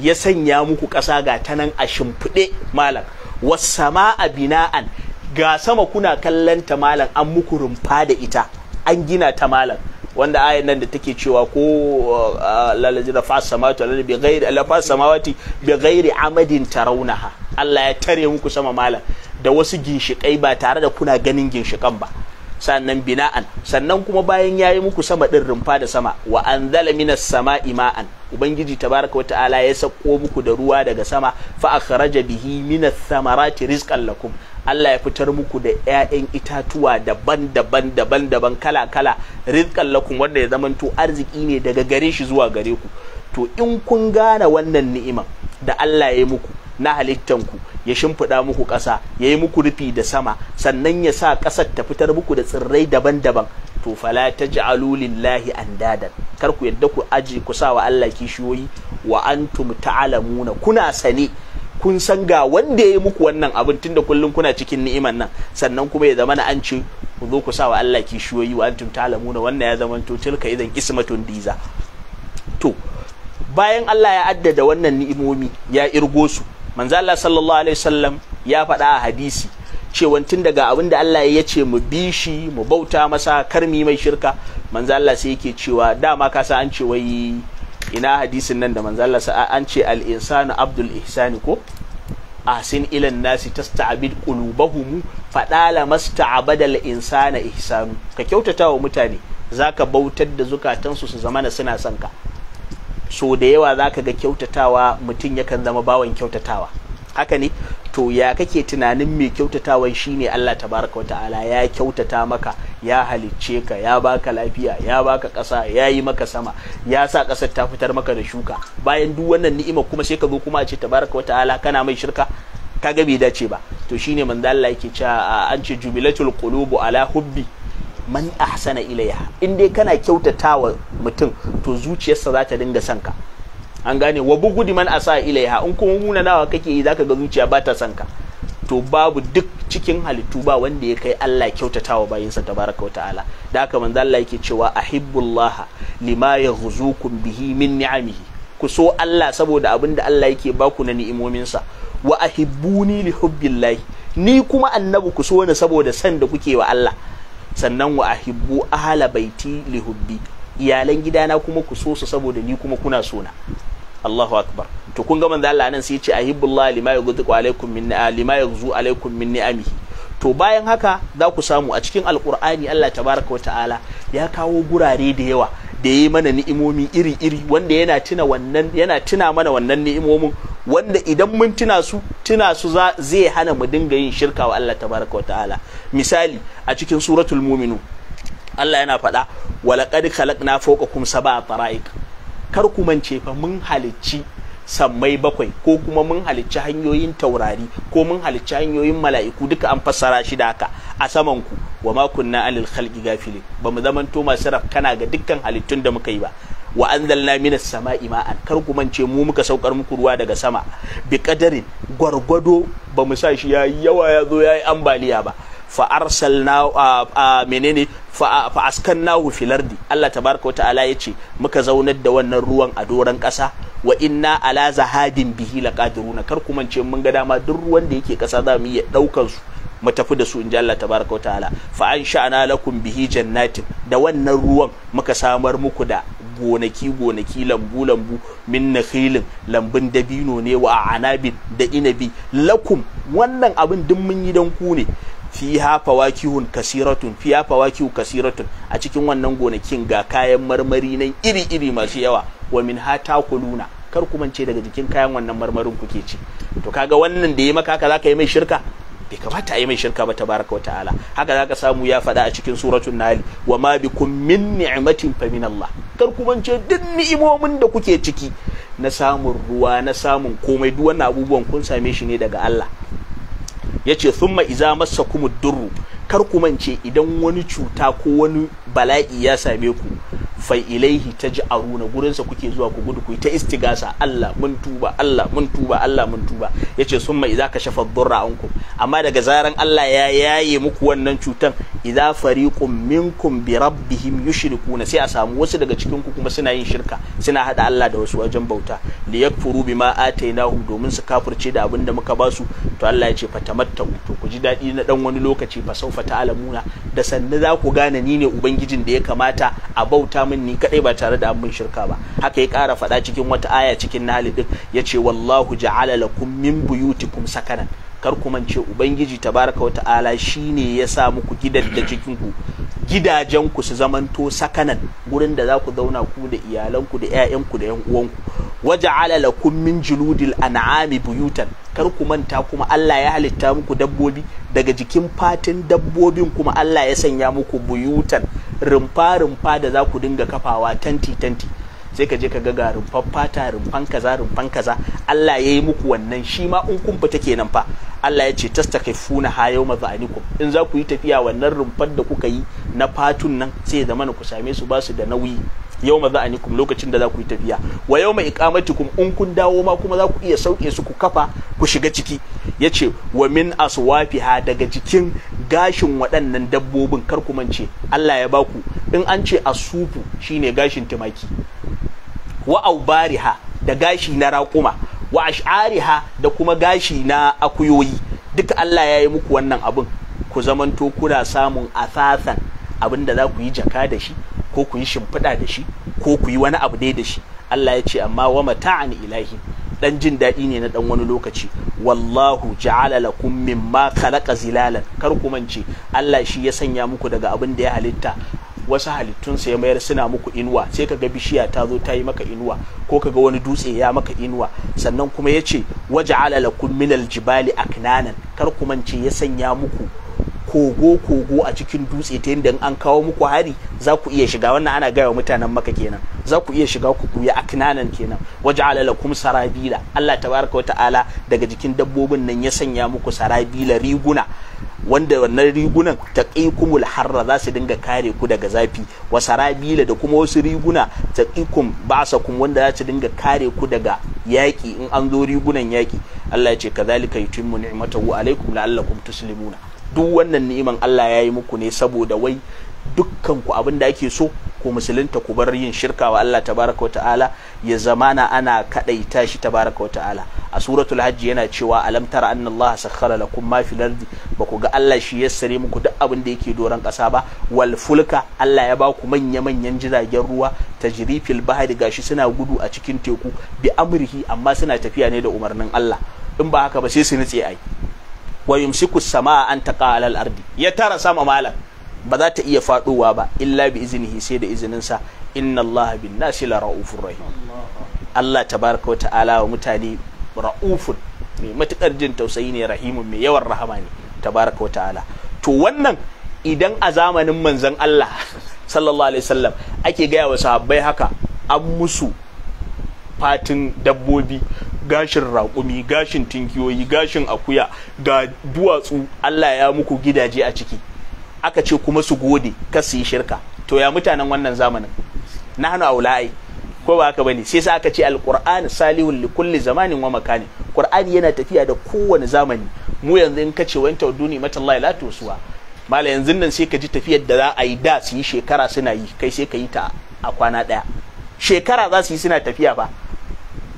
ya sanya muku kasa ga tanan a shimfiɗe malam was a bina'an ga sama kuna kallon ta malam an muku rumfa da ita an gina ta malam wanda ayan nan da take cewa ko uh, uh, lalazina fas samawati wal bi ghairi la fas samawati bi ghairi amadin tarawnaha Allah ya tare muku sama malam da wasu ginshikai ba tare da kuna ganin ginshikan ba sannan bina'an sannan kuma bayan ya yi muku sama ɗin rumfa da sama wa anzala minas sama'i ma'an ubangiji tabaraka wata'ala ya sako muku da ruwa daga sama fa akhraja bihi minas samarati rizqan lakum Allah ya fitar muku da 'ya'yan itatuwa daban-daban daban-daban kala-kala rizkan lakum wanda ya zamanto arziki ne daga gare shi zuwa gare ku to in kun gane wannan ni'ima da Allah ya yi muku na halittanku ya shimfiɗa muku ƙasa ya yi muku rufi da sama sannan ya sa ƙasar ta fitar muku da tsirrai daban-daban to fala taj'alu lillahi andadan kar ku yadda ku aji ku sa wa Allah kishiyoyi wa antum ta'lamuna kuna sane kun san ga wanda ya yi muku wannan abin tunda kullum kuna cikin ni'iman nan sannan kuma ya zama na an ce ku zo ku sa wa Allah kishiyoyi wa antum ta'lamuna wannan ya zama to tilka idan ismatun diza to bayan Allah ya addada wannan ni'imomi ya irgo su manzo Allah sallallahu alaihi wasallam ya faɗa a hadisi cewa tun daga abin da Allah ya ce mu bi shi mu bauta masa karmi mai shirka manzo Allah sai yake cewa dama ka san an ce wai ina hadisin nan da manzala sa an ce al abdul ihsani ko asin ilan nasi tasta'bid kulubahumu fadala masta'bada al-insana ihsanu ka kyautata wa mutane zaka bautar da zukatansu su zamana suna son ka so da yawa zaka ga kyautatawa mutum yakan zama bawan kyautatawa haka ne to ya kake tunanin mai kyautatawan shine Allah tabaraka wata'ala ya kyautata maka ya halicce ka ya baka lafiya ya baka kasa ya yi maka sama ya sa ƙasar ta fitar maka da shuka bayan duk wannan ni'ima kuma sai ka zo kuma a ce tabaraka wata'ala kana mai shirka kaga bai dace ba to shine manzo Allah yake an ce jubilatul qulubu ala hubbi man ahsana ilayha in dai kana kyautatawa mutum to zuciyarsa za ta dinga son ka an gane wa bugudi man asa ilaiha in kuma nawa kake yi zaka ga zuciya ba ta sanka to babu duk cikin halittu ba wanda ya kai Allah kyautatawa sa tabaraka wa ta'ala da haka manzo Allah yake cewa ahibbullaha lima yaghzukum bihi min ni'amihi ku so Allah saboda abin da Allah yake baku na ni'imominsa wa ahibbuni li hubbillahi ni kuma annabi ku so ni saboda san da kuke wa Allah sannan wa ahibbu ahla baiti li iyalan gidana kuma ku so su saboda ni kuma kuna sona Allahu akbar to kun ga manzo Allah nan sai ya ce ahibbullah lima yughdiqu alaikum min lima yughzu alaikum min ni'amihi to bayan haka za ku samu a cikin alkur'ani Allah tabaraka wa ta'ala ya kawo gurare da yawa da ya mana ni'imomi iri-iri wanda yana tuna wannan yana tuna mana wannan ni'imomin wanda idan mun tuna su tuna su zai hana mu dinga yin shirka wa Allah tabaraka wa ta'ala misali a cikin suratul muminu Allah yana faɗa walaqad khalaqna fawqakum sab'a tara'iq kar ku mance fa mun halicci sammai bakwai ko kuma mun halicci hanyoyin taurari ko mun halicci hanyoyin mala'iku duka an fassara shi da haka a saman ku wa ma kunna alil khalqi gafilin ba mu zamanto masu kana ga dukkan halittun da muka yi ba wa anzalna minas sama'i ma'an kar ku mance mu muka saukar muku ruwa daga sama bi qadarin gwargwado ba mu sa shi yayi yawa ya zo yayi ambaliya ba fa arsalna menene fa askannahu fil ardi Allah tabaraka ala yace muka zaunar da wannan ruwan a doran kasa wa inna ala zahadin bihi laqadiruna kar kuma ce mun ga dama duk ruwan da yake kasa za mu iya daukan su mu tafi da su in ji Allah tabaraka wata ala fa an sha'ana lakum bihi jannatin da wannan ruwan muka samar muku da gonaki gonaki lambu lambu min nakhilin lambun dabino ne wa anabin da inabi lakum wannan abin duk mun yi dan ku ne fiha fawakihun kasiratun fiha fawakihun kasiratun a cikin wannan gonakin ga kayan marmari nan iri-iri masu yawa wa min ha takuluna kar ku mance daga jikin kayan wannan marmarin kuke ci to kaga wannan da ya maka haka zaka yi mai shirka bai kamata a yi mai shirka ba tabaraka wa ta'ala haka zaka samu ya faɗa a cikin suratul nahl wa ma bikum min ni'matin fa min Allah kar ku mance duk ni'imomin da kuke ciki na samun ruwa na samun komai duk wannan abubuwan kun same shi ne daga Allah yace thumma iza masakumud durru kar ku mance idan wani cuta ko wani bala'i ya same ku fai ilaihi runa gurinsa kuke zuwa ku gudu ku ta istigasa Allah mun tuba Allah mun tuba Allah mun tuba yace mai idza kashafa dhurra ankum amma daga zaran Allah ya yaye muku wannan cutan idza fariqum minkum bi rabbihim yushrikuna sai a samu wasu daga cikin ku kuma suna yin shirka suna hada Allah da wasu wajen bauta li yakfuru bima atainahu domin su kafirce da abin da muka su to Allah yace fatamattau to ku ji dadi na dan wani lokaci fa saufa ta'lamuna da sanne za ku gane ni ne ubangiji ubangijin da ya kamata a bauta min ni kadai ba tare da mun shirka ba haka ya kara faɗa cikin wata aya cikin nahli din yace wallahu ja'ala lakum min buyutikum sakanan kar ku mance ubangiji tabaraka wa ta'ala shine ya sa muku gidan da cikin ku gidajen ku su zamanto sakanan gurin da za ku zauna ku da iyalanku da 'ya'yanku da 'yan uwanku waja'ala lakum min juludil an'ami buyutan kar ku manta kuma Allah ya halitta muku dabbobi daga jikin fatin dabbobin kuma Allah ya sanya muku buyutan rumfa rumfa da za ku dinga kafawa tanti tanti sai ka je ka ga rumfan fata rumfan kaza rumfan kaza Allah ya yi muku wannan shi ma in kun fita kenan fa Allah ya ce tastakifuna ha yau mazanikum in za ku yi tafiya wannan rumfan da kuka yi na fatun nan sai ya zama ku same su ba su da nauyi yau ma za a nikum lokacin da za ku yi tafiya wa yau ma iqamatikum in kun dawo ma kuma za ku iya sauke su ku kafa ku shiga ciki yace wa min aswafiha daga jikin gashin waɗannan dabbobin kar ku mance Allah ya baku in an ce asufu shine gashin tumaki wa aubariha da gashi na raƙuma wa ash'ariha da kuma gashi na akuyoyi duka Allah ya yi muku wannan abin ku zamanto kuna samun asasan abin da za ku yi jaka da shi ko ku yi shimfiɗa da shi ko ku yi wani abu dai da shi Allah ya ce amma wa mata'an ilahi dan jin daɗi ne na dan wani lokaci wallahu ja'ala lakum mimma khalaqa zilalan kar ku mance Allah shi ya sanya muku daga abin da ya halitta wasu sa ya mayar suna muku inuwa sai kaga bishiya ta zo ta yi maka inuwa ko kaga wani dutse ya maka inuwa sannan kuma ya ce waje lakum minal jibali aknanan kar ku mance ya sanya muku kogo-kogo a cikin dutse ta yadda an kawo muku hari za ku iya shiga wannan ana gaya wa mutanen maka kenan za ku iya shiga ku buya aknanan kenan waje kum sarabila Allah tabaraka ala daga jikin dabbobin nan ya sanya muku sarabila riguna wanda wannan rigunan ta kumul harra za su dinga kare ku daga zafi wa sarabila da kuma wasu riguna ta ikum basa kum wanda za su dinga kare ku daga yaƙi in an zo rigunan yaƙi Allah ya ce kazalika yutimmu ni'matahu alaikum la'allakum tuslimuna duk wannan ni'iman Allah ya yi muku ne saboda wai dukkan ku abin da ake so ku musulunta ku bar yin shirka wa Allah tabaraka wa ta'ala ya zamana ana kadaita shi tabaraka wa ta'ala a suratul hajji yana cewa alam tara anna Allah sakhkhara lakum ma fil ardi ba ku ga Allah shi ya sare muku duk abin da yake doran kasa ba wal fulka Allah ya ba ku manya manyan jiragen ruwa tajri fil bahri gashi suna gudu a cikin teku bi amrihi amma suna tafiya ne da umarnin Allah in ba haka ba sai su nitse ai wa yumsiku samaa an taqa alal ardi ya tara sama malam ba za ta iya faɗowa ba illa bi iznihi sai da izinin sa inna Allah bin raufur rahim Allah wa ta'ala wa mutane raufun mai matukar jin tausayi ne rahimun mai yawan rahama ne tabaraka wa ta'ala to wannan idan a zamanin manzon Allah sallallahu alaihi wasallam ake gaya wa sahabbai haka an musu fatin dabbobi gashin raƙumi gashin tinkiyoyi gashin akuya ga duwatsu Allah ya muku gidaje a ciki aka ce kuma su gode kasu yi shirka to ya mutanen wannan zamanin na hannu wula'ai, ko ba haka bane sai sa aka ce alqur'ani salihun Likulli, kulli zamanin wa makani qur'ani yana tafiya da kowane zamani mu yanzu in kace wani anta duni matallahi la tusuwa mala yanzu nan sai ka ji tafiyar da za a yi da su yi shekara suna yi kai sai ka yi ta a kwana ɗaya. shekara za su yi suna tafiya ba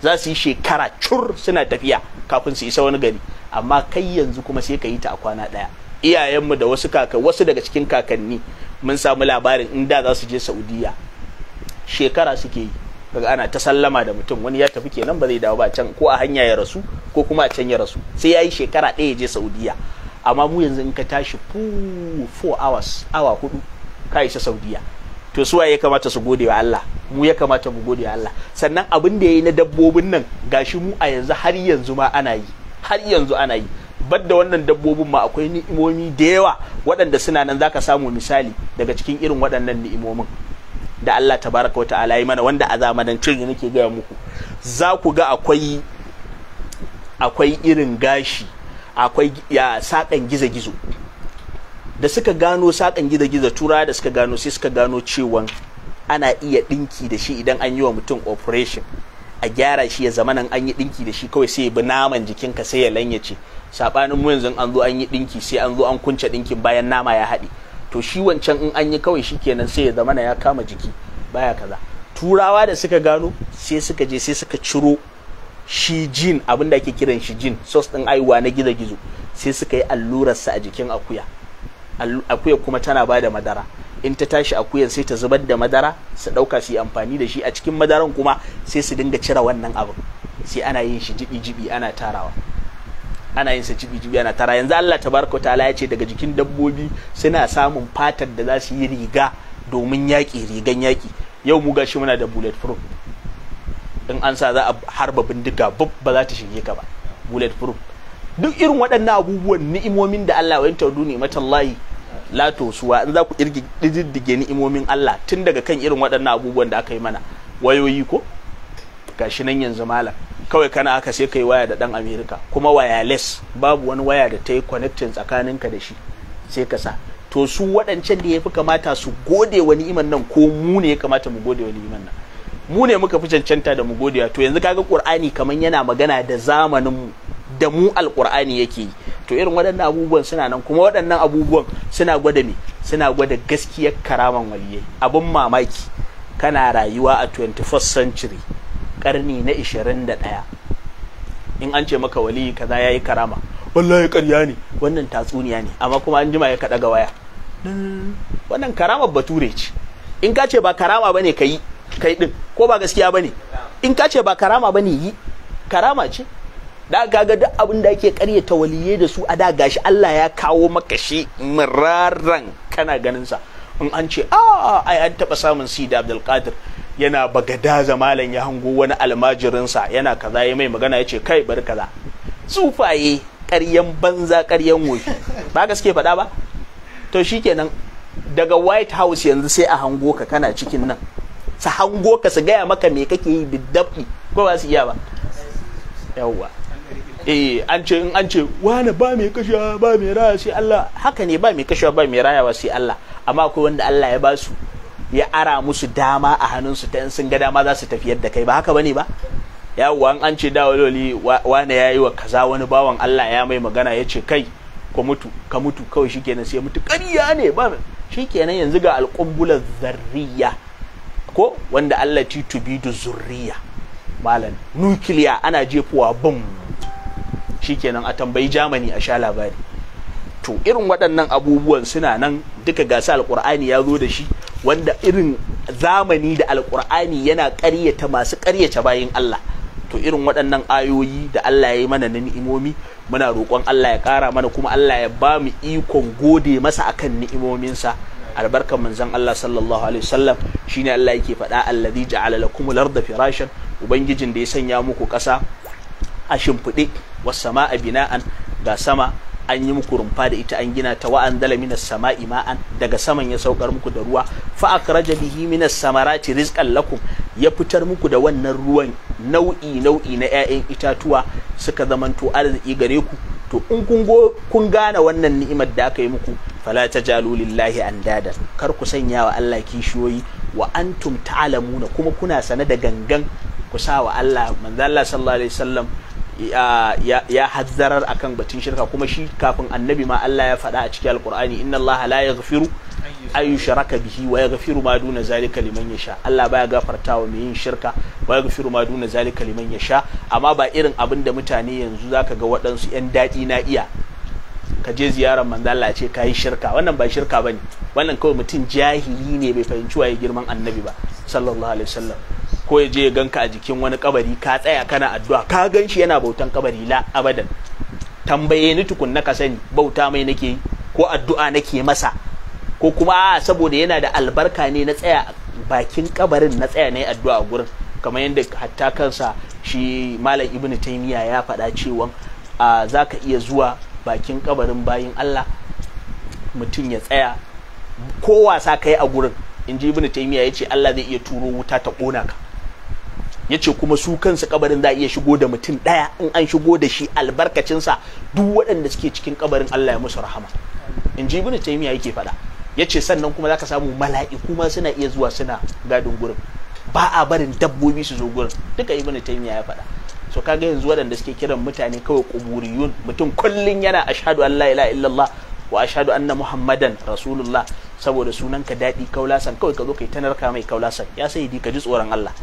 za su yi shekara cur suna tafiya kafin su isa wani gari amma kai yanzu kuma sai ka yi ta a kwana ɗaya iyayenmu da wasu wasu daga cikin kakanni mun samu labarin inda za su je saudiya shekara suke yi kaga ana ta sallama da mutum wani ya tafi kenan ba zai dawo ba can ko a hanya ya rasu ko kuma a can ya rasu sai ya yi shekara ɗaya je saudiya amma mu yanzu in ka tashi 4 hours awa hudu ka isa saudiya to su ya kamata su gode wa Allah mu ya kamata mu gode wa Allah sannan abin da yayi na dabbobin nan gashi mu a yanzu har yanzu ma ana yi har yanzu ana yi bar da wannan dabbobin ma akwai ni'imomi da yawa waɗanda suna nan zaka samu misali daga cikin irin waɗannan ni'imomin da Allah tabaraka wata'ala yi mana wanda a zamanancin da nake gaya muku za ku ga akwai akwai irin gashi akwai ya saƙan gizo-gizo da suka gano sakan gizogizo gida turawa da suka gano sai suka gano cewa ana iya ɗinki da shi idan an yi wa mutum operation a gyara shi ya zamanin an yi ɗinki da shi kawai sai ya bi naman jikinka sai ya lanyace saɓanin mu yanzu an zo an yi ɗinki sai an zo an kunce ɗinkin bayan nama ya haɗe to shi wancan in an yi kawai shi kenan sai ya zamana ya kama jiki baya kaza turawa da suka gano sai suka je sai suka ciro shi jin abin da ake kiran shi jin sos din aiwa na gizo-gizo sai suka yi allurarsa a jikin akuya akuya kuma tana ba da madara in ta tashi akuyar sai ta zubar da madara su ɗauka su yi amfani da shi a cikin madaran kuma sai su dinga cire wannan abin sai ana yin shi jibi-jibi ana tarawa ana yin sa jibi-jibi ana tara yanzu Allah tabaraka ta'ala ya ce daga jikin dabbobi suna samun fatar da za su yi riga domin yaƙi rigan yaƙi yau mu gashi muna da bullet proof in an sa za a harba bindiga bub ba za ta shige ka ba bullet proof duk irin waɗannan abubuwan ni'imomin da Allah wa ne matallahi la tosuwa in za ku irgidige ni'imomin Allah tun daga kan irin waɗannan abubuwan da aka yi mana wayoyi ko gashi nan yanzu malam kawai kana aka sai kai waya da ɗan Amerika kuma wireless babu wani waya da ta yi connecting tsakaninka da shi sai ka sa to su waɗancan da ya fi kamata su gode wa ni'iman nan ko mu ne ya kamata mu gode wa ni'iman nan mu ne muka fi cancanta da mu godiya to yanzu kaga Qur'ani kaman yana magana da zamanin mu da mu alkur'ani yake yi to irin waɗannan abubuwan suna nan kuma waɗannan abubuwan suna gwada me suna gwada gaskiyar karaman waliyai abin mamaki kana rayuwa a 21st century karni na 21 in an ce maka waliyi kaza yi karama wallahi ƙarya ne wannan tatsuniya ne amma kuma an jima ya kaɗa ga waya wannan karamar bature ce in ka ce ba karama ba ne ka yi ɗin? ko ba gaskiya ba ne? in ka ce ba karama ba ne yi karama ce da kaga duk abin da ake ta waliyai da su a da gashi Allah ya kawo maka shi muraran kana ganin sa in an ce a ah, ai an taba samun Abdul Abdulkadir yana bagadaza malam ya hango wani almajirin sa yana kaza ya mai magana ya ce kai bar kaza tsufaye karyan banza karyan wofi ba gaske faɗa ba to shikenan daga white house yanzu sai a hango ka kana cikin nan su hango ka su gaya maka me kake yi biddafi ko ba su iya ba yawwa eh an ce an ce wani ba mai kashewa ba mai raya sai Allah haka ne ba mai kashewa ba mai rayawa sai Allah amma akwai wanda Allah ya basu ya ara musu dama a hannun su ta in sun ga dama za su tafiyar da kai ba haka bane ba yawwa an ce da waloli wane ya yi wa kaza wani bawan Allah ya mai magana ya ce kai ka mutu ka mutu kawai shikenan sai mutu ƙarya ne ba shikenan yanzu ga alƙumbular zarriya ko wanda Allah du zurriya malam nukiliya ana jefowa bam shikenan a tambayi jamani a sha labari to irin waɗannan abubuwan suna nan duka gasa alƙur'ani ya zo da shi wanda irin zamani da alƙur'ani yana ƙaryata masu ƙaryata bayin Allah to irin waɗannan ayoyi da Allah ya yi mana na ni'imomi muna roƙon Allah ya ƙara mana kuma Allah ya ba mu ikon gode masa akan ni'imominsa albarkan manzon Allah sallallahu alaihi wasallam shine Allah yake faɗa allazi ja'ala lakumul arda firashan ubangijin da ya sanya muku ƙasa a shimfiɗe wasama a bina'an ga sama an yi muku rumfa da ita an gina ta wa'an dala minas sama ma'an daga saman ya saukar muku da ruwa fa akhraja bihi minas samarati rizqan lakum ya fitar muku da wannan ruwan nau'i nau'i na 'ya'yan itatuwa suka zamanto arziki gare ku to in kun gane wannan ni'imar da aka yi muku fala tajalu lillahi dada kar ku sanya wa Allah kishiyoyi wa antum ta'lamuna kuma kuna sane da gangan ku sa wa Allah manzo Allah sallallahu alaihi wasallam ya hazzarar akan batun shirka kuma shi kafin annabi ma Allah ya faɗa a cikin alkur'ani inna Allah la yaghfiru ay yushraka bihi wa yaghfiru ma duna zalika liman yasha Allah baya gafartawa mai yin shirka wa yaghfiru ma duna zalika liman yasha amma ba irin abin da mutane yanzu zaka ga waɗansu yan daɗi na iya ka je ziyarar manzo Allah ce kai shirka wannan ba shirka bane wannan kawai mutum jahili ne bai fahimci waye girman annabi ba sallallahu alaihi wasallam ko ya je ya ganka a jikin wani kabari ka tsaya kana addu'a ka gan shi yana bautan kabari la abadan tambaye ni tukun na ka sani bauta mai nake ko addu'a nake masa ko kuma saboda yana da albarka ne na tsaya bakin kabarin na tsaya na yi addu'a a gurin kamar yadda hatta kansa shi malam ibnu taymiya ya faɗa cewa za ka iya zuwa bakin kabarin bayin allah mutum ya tsaya ko wasa ka a gurin in ji ibnu taymiya ya ce allah zai iya turo wuta ta ƙona ka yace kuma su kansu kabarin za a iya shigo da mutum daya in an shigo da shi albarkacinsa duk waɗanda suke cikin kabarin Allah ya musu rahama in ji ibnu taymiya yake faɗa yace sannan kuma zaka samu mala'iku ma suna iya zuwa suna gadin gurin ba a barin dabbobi su zo gurin duka ibnu taymiya ya faɗa so kaga yanzu waɗanda suke kiran mutane kawai kuburiyun mutum kullun yana ashhadu an la ilaha illallah wa ashhadu anna muhammadan rasulullah saboda sunan ka daɗi kaulasan kawai ka zo kai tanarka mai kaulasan ya sai ka ji tsoron Allah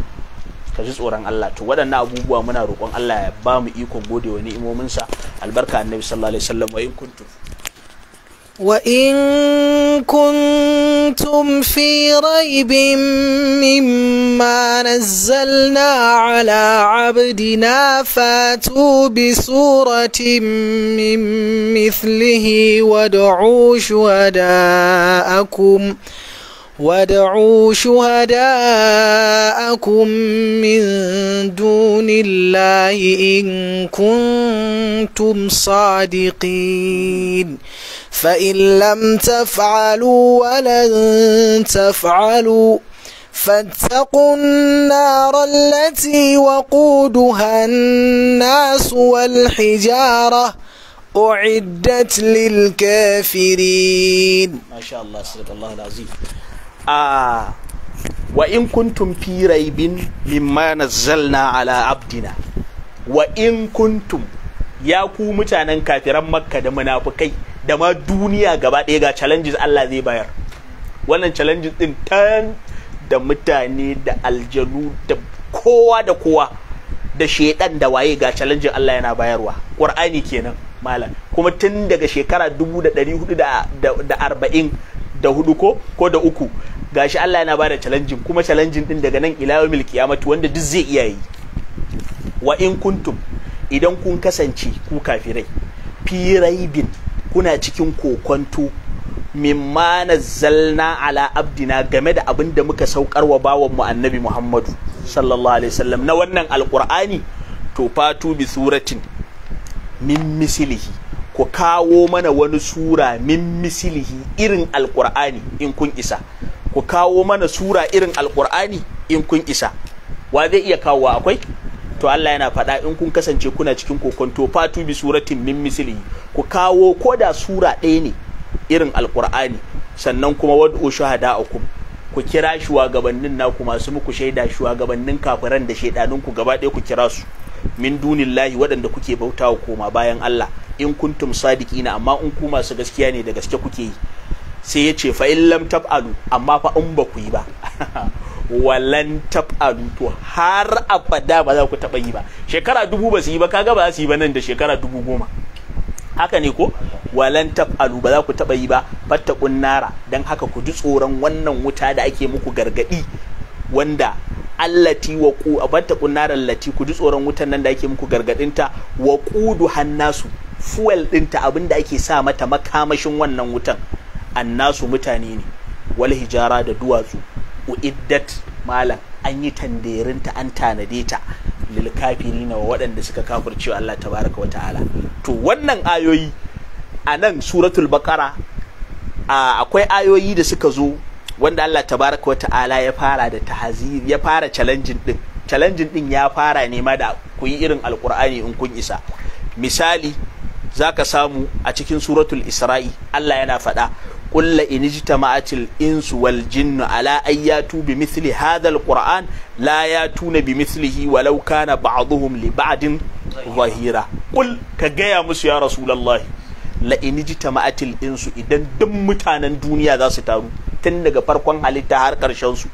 ka ji tsoron Allah to waɗannan abubuwa muna roƙon Allah ya ba mu ikon gode wa ni'imominsa albarka annabi sallallahu alaihi wasallam wa in kuntum وإن كنتم في ريب مما نزلنا على عبدنا فاتوا بسورة من مثله وادعوا شهداءكم akum. وادعوا شهداءكم من دون الله إن كنتم صادقين فإن لم تفعلوا ولن تفعلوا فاتقوا النار التي وقودها الناس والحجاره أعدت للكافرين ما شاء الله صدق الله العظيم a wa in kuntum fi raibin mimma nazzalna ala abdina wa in kuntum ya ku mutanen kafiran makka da munafukai da ma duniya gaba ɗaya ga challenges Allah zai bayar wannan challenges din tan da mutane da aljanu da kowa da kowa da shedan da waye ga challenges Allah yana bayarwa Qur'ani kenan malam kuma tun daga shekara 1440 da hudu ko ko da uku gashi Allah yana bada challenge kuma challenge din daga nan ila yawmil qiyamati wanda duk zai iya yi wa in kuntum idan kun kasance ku kafirai fi raibin kuna cikin kokonto mimma nazzalna ala abdina game da abin da muka saukar wa bawan mu annabi Muhammadu sallallahu alaihi wasallam na wannan alqur'ani to fatu bi suratin min mislihi ku kawo mana wani sura min misilihi irin alkur'ani in kun isa ku kawo mana sura irin alkur'ani in kun isa wa zai iya kawowa akwai to Allah yana faɗa in kun kasance kuna cikin kokonto fatu bi suratin min misilihi. ku kawo ko da sura ɗaya ne irin alkur'ani sannan kuma wad'u shuhada'akum ku kira shugabannin naku masu muku shaida shugabannin kafiran da shaidaninku gaba ɗaya ku kira su min dunillahi waɗanda kuke bauta wa koma bayan Allah in kuntum sadiqina amma in ku masu gaskiya ne da gaske kuke yi sai ya ce fa illam lam taf'alu amma fa in ba ku yi ba walan taf'alu to har abada ba za ku taɓa yi ba shekara dubu ba su yi ba kaga ba za su yi ba nan da shekara dubu goma haka ne ko walan taf'alu ba za ku taba yi ba fattakun nara dan haka ku ji tsoron wannan wuta da ake muku gargadi wanda allati wa ku fattakun nara allati ku ji tsoron wutan nan da ake muku gargadinta wa qudu hannasu fuel dinta abinda ake sa mata makamashin wannan wutan annasu mutane ne wal hijara da duwatsu uiddat malam an yi tanderin ta an tanade ta lil kafiri wa waɗanda suka cewa Allah tabaraka wa ta'ala to wannan ayoyi a nan suratul bakara akwai ayoyi da suka zo wanda Allah tabaraka wa ta'ala ya fara da tahazir ya fara challenging din challenging din ya fara ne ma da ku yi irin alqur'ani in kun isa misali zaka samu a cikin suratul isra'i Allah yana faɗa kulla in jitama'atil insu wal jinnu ala ayyatu bi mithli hadha alquran la yatuna bi mislihi walau kana ba'dhum li ba'din zahira kul ka gaya musu ya rasulullah la in insu idan duk mutanen duniya za su taru tun daga farkon halitta har karshen su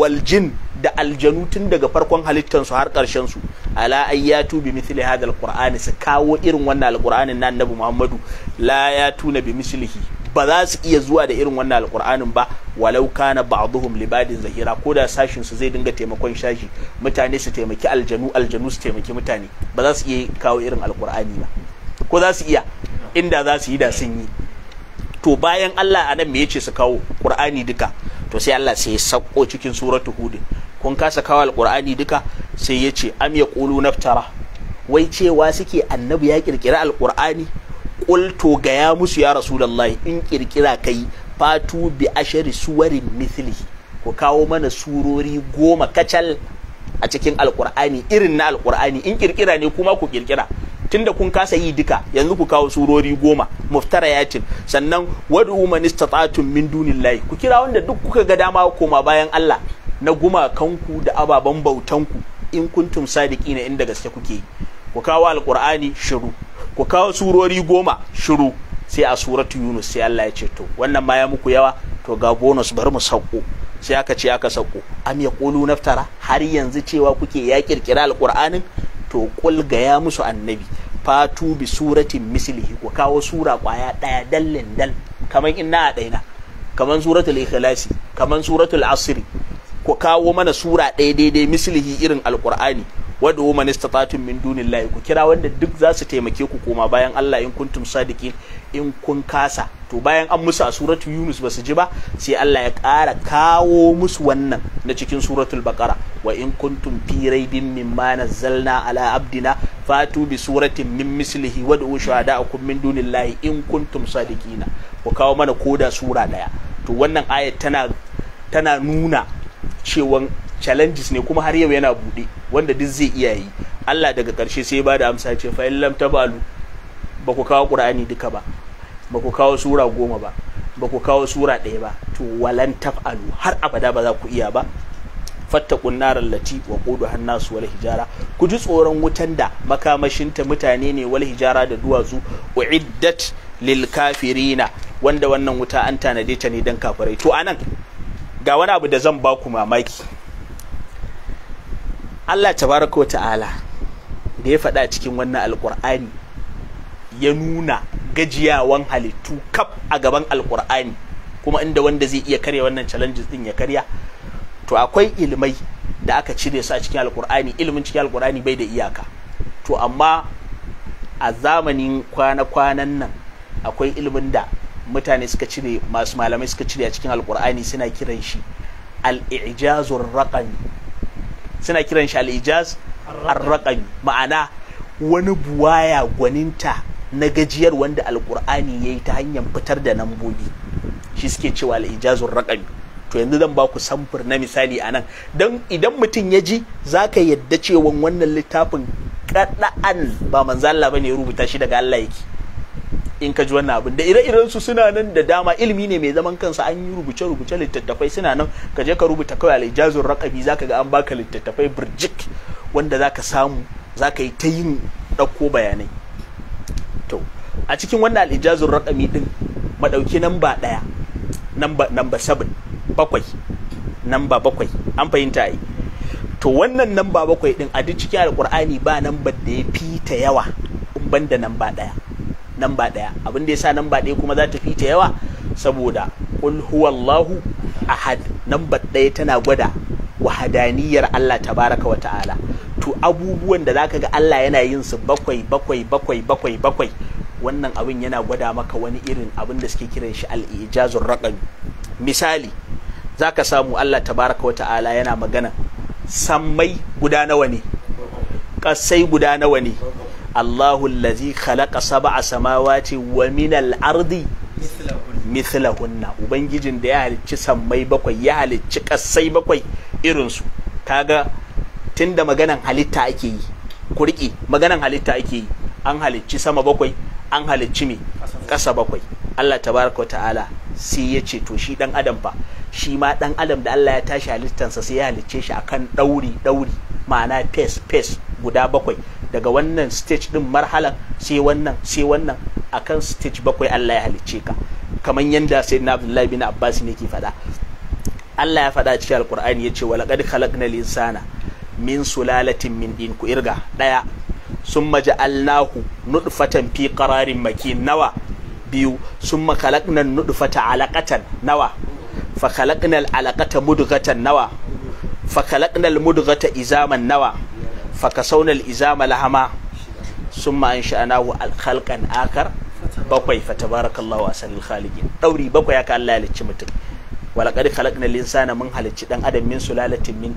wal jin da aljanu tun daga farkon halittansu har karshen su ala ayyatu bi mithli hadha alqur'ani su kawo irin wannan alqur'anin na annabi muhammadu la yatuna bi mislihi. ba za su iya zuwa da irin wannan alkur'anin ba walau kana ba'dhum li libadin zahira ko da sashin su zai dinga taimakon shashi mutane su taimaki aljanu aljanu su taimaki mutane ba za su iya kawo irin alkur'ani ba ko za su iya inda za su yi da sun yi to bayan Allah anan me yace su kawo qur'ani duka to sai Allah sai ya sako cikin suratu hud kun kasa kawo alkur'ani duka sai yace am yaqulu naftara wai cewa suke annabi ya kirkira alkur'ani qultu ga ya musu ya rasulullahi in kirkira kai fatu bi ashari suwarin mithlihi ku kawo mana surori goma kacal a cikin alƙur'ani irin na alkur'ani in kirkira ne kuma ku kirkira tunda kun kasa yi duka yanzu ku kawo surori goma muftara muftarayatin sannan wadu man istata'tum min dunillahi ku kira wanda duk kuka ga dama koma bayan Allah na gumakanku da ababen bautanku in kuntum sadiqina inda gaske kuke ku kawo alkur'ani shiru ku kawo surori goma shiru sai a suratu yunus sai Allah ya ce to wannan ma ya muku yawa to ga bonus bari mu sauko sai aka ce aka sauko am ya qulu naftara har yanzu cewa kuke ya kirkira alqur'anin to kul ga ya musu annabi fatu bi suratin mislihi ku kawo sura kwaya daya dallin dal kaman inna a daina kaman suratul ikhlasi kaman suratul asri ku kawo mana sura ɗaya daidai mislihi irin alqur'ani wad'u man istata'tum min dunillahi ku kira wanda duk za su taimake ku koma bayan Allah in kuntum sadiqin in kun kasa to bayan an musu a suratu Yunus ba su ji ba sai Allah ya kara kawo musu wannan na cikin suratul baqara wa in kuntum fi raibin mimma nazzalna ala abdina fatu bi suratin min mislihi wad'u shuhada'akum min dunillahi in kuntum sadiqina ku kawo mana koda sura daya to wannan ayat tana tana nuna cewan challenges ne kuma har yau yana buɗe wanda duk zai iya yi Allah daga karshe sai ba da amsa ce fa in lam tabalu ba ku kawo qur'ani duka ba ba ku kawo sura goma ba ba ku kawo sura ɗaya ba to walan taf'alu har abada ba za ku iya ba fattakun narar lati wa kudu hannasu wal hijara ku ji tsoron wutan da makamashinta mutane ne wal hijara da duwatsu uiddat lil kafirina wanda wannan wuta an tanade ta ne dan kafirai to anan ga wani abu da zan ba ku mamaki Allah tabaraka wa ta'ala da ya faɗa cikin wannan alƙur'ani ya nuna gajiyawan halittu kaf a gaban alƙur'ani kuma inda wanda zai iya karya wannan challenges din ya karya to akwai ilmai da aka cire su a cikin alƙur'ani ilimin cikin alƙur'ani bai da iyaka to amma a zamanin kwana-kwanan nan akwai ilmin da mutane suka cire masu malamai suka cire a cikin alƙur'ani suna kiran shi al-ijazur raqami suna kiran shi al-ijaz ma'ana wani buwaya gwaninta na gajiyar wanda alkur'ani ya yi ta hanyar fitar da nambobi shi suke cewa al'ijazun raƙami to yanzu zan baku samfur na misali anan nan idan mutum ya ji za ka yadda cewa wannan littafin kaɗa'an ba manzo Allah ba ne ya rubuta shi daga Allah yake in ka ji wannan abin da ire-iren su suna nan da dama ilimi ne mai zaman kansa an yi rubuce-rubuce littattafai suna nan ka je ka rubuta kawai alijazun rakabi zaka ga an baka littattafai birjik wanda zaka samu zaka yi ta yin ɗauko bayanai to a cikin wannan alijazun rakami din madauki namba ɗaya namba namba sabin bakwai namba bakwai an fahimta yi to wannan namba bakwai din a duk cikin alkur'ani ba namba da ya fi ta yawa in banda namba ɗaya namba ɗaya abin da ya sa namba ɗaya kuma za ta fi ta yawa saboda qul huwallahu ahad namba ɗaya tana gwada wahadaniyar Allah tabaraka wa ta'ala to abubuwan da zaka ga Allah yana yin su bakwai bakwai bakwai bakwai bakwai wannan abin yana gwada maka wani irin abin da suke kiran shi al-ijazur raqami misali zaka samu Allah tabaraka wa ta'ala yana magana sammai guda nawa ne kasai guda nawa ne Allahu allazi khalaqa sab'a samawati wa min al-ardi mithlahunna ubangijin da ya halicci sammai bakwai ya halicci kasai bakwai irin su kaga tunda maganan halitta ake yi kurki maganan halitta ake yi an halicci sama bakwai an halicci me kasa bakwai Allah tabaraka wa ta'ala sai ya ce to shi dan adam fa shi ma dan adam da Allah ya tashi halittansa sai ya halicce shi akan dauri dauri ma'ana pace pace guda bakwai daga wannan stage din marhalar sai wannan sai wannan akan stage bakwai Allah ya halicce ka kamar yanda sayyidina Abdullahi bin Abbas ne ke faɗa Allah ya faɗa cikin Alƙur'ani ya ce walaqad khalaqnal insana min sulalatin min din ku irga daya summa ja'alnahu nutfatan fi qararin makin nawa biyu summa khalaqna nutfata alaqatan nawa fa khalaqnal alaqata mudghatan nawa fa khalaqnal izaman nawa fakasaunal izama lahama summa nahu khalqan akar bakwai fata tabarakallahu asalul khaliqin dauri bakwai haka Allah ya lalace mutum walaqad khalaqna linsana mun halicci dan adam min sulalatin min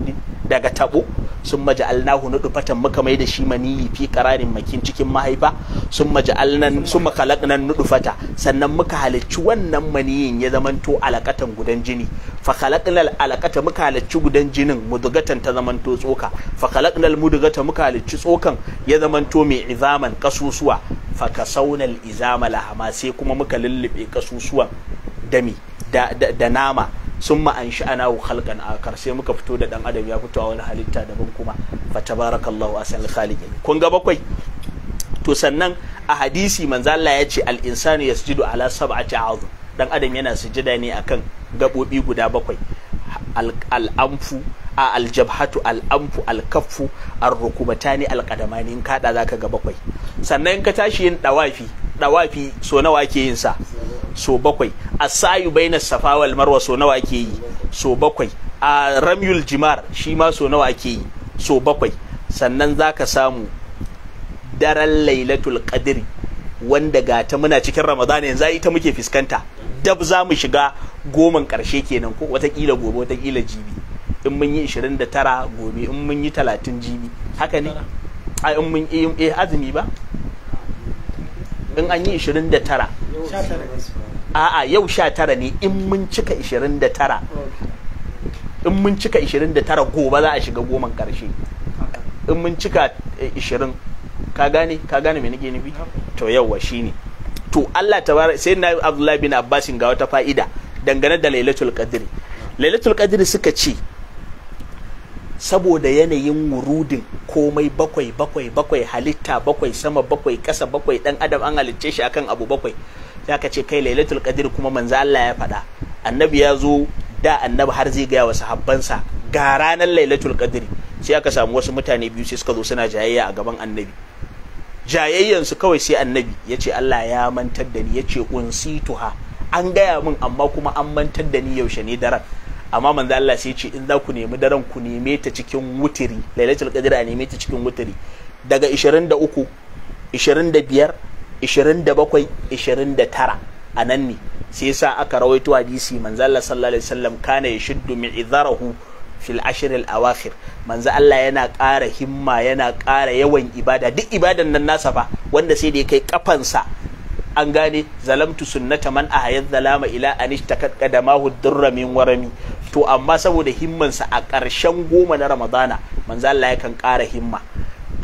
daga tabo sun maja'alnahu nudufatan muka mai da shi maniyi fi qararin makin cikin mahaifa sun maja'alnan sun khalaqna nudufata sannan muka halicci wannan maniyin ya zamanto alaqatan gudan jini fa khalaqna alaqata muka halicci gudan jinin mudugatan ta zamanto tsoka fa khalaqna mudugata muka halicci tsokan ya zamanto mai izaman kasusuwa fa kasaunal izama lahama sai kuma muka lullube kasusuwan dami da nama sun ma'anshi ana halkan akar sai muka fito da dan adam ya fito a wani halitta daban kuma fa tabarakallahu asal khaliqin kun ga bakwai to sannan a hadisi manzo Allah ya ce al insanu yasjudu ala sab'ati a'udhu dan adam yana sujada ne akan gabobi guda bakwai al anfu a aljabhatu al'amfu alkaffu alrukubatani qadamani in kaɗa zaka ga bakwai sannan in ka tashi yin ɗawafi dawafi so nawa ke yin sa so bakwai sayu bainas safa wal marwa so nawa ke yi so bakwai a ramyul jimar shi ma so nawa ke yi so bakwai sannan zaka samu daren lailatul qadri wanda ga ta muna cikin ramadan yanzu ai ta muke fuskanta dab za mu shiga goman karshe kenan ko watakila gobe watakila jibi in mun yi 29 gobe in mun yi 30 jibi haka ne a in mun yi eh, azumi ba in an yi 29 a'a yau 19 ne in mun cika 29 in mun cika 29 gobe za a shiga goman karshe in mun cika 20 eh, ka gane ka gane me nake nufi to yawa shine to Allah tabar sai na Abdullahi bin Abbasin ga wata fa'ida dangane da Lailatul Qadri Lailatul Qadri suka ce saboda yanayin wurudin komai bakwai bakwai bakwai halitta bakwai sama bakwai ƙasa bakwai ɗan adam an halicce shi akan abu bakwai za ka ce kai lailatul qadr kuma manzo Allah ya faɗa annabi ya zo da annabi har zai gaya wa sahabbansa ga ranar lailatul qadr sai aka samu wasu mutane biyu sai suka zo suna jayayya a gaban annabi Jayayyansu kawai sai annabi Yace Allah ya mantar da ni ya ce unsituha an gaya min amma kuma an mantar da ni yaushe ne daren amma manzo Allah sai ce in za ku nemi daren ku neme ta cikin wutiri lailatul qadr a neme ta cikin wutiri daga 23 25 27 29 a ne sai sa aka rawaito hadisi manzo Allah sallallahu alaihi wasallam kana yashuddu mi'izarahu fil al awakhir manzo Allah yana ƙara himma yana ƙara yawan ibada duk ibadan nan nasa fa wanda sai da kai kafansa an gane zalamtu sunnata man ahayat zalama ila anishtakat qadamahu durra min warami to amma saboda himmansa a ƙarshen goma na ramadana manzo Allah yakan ƙara himma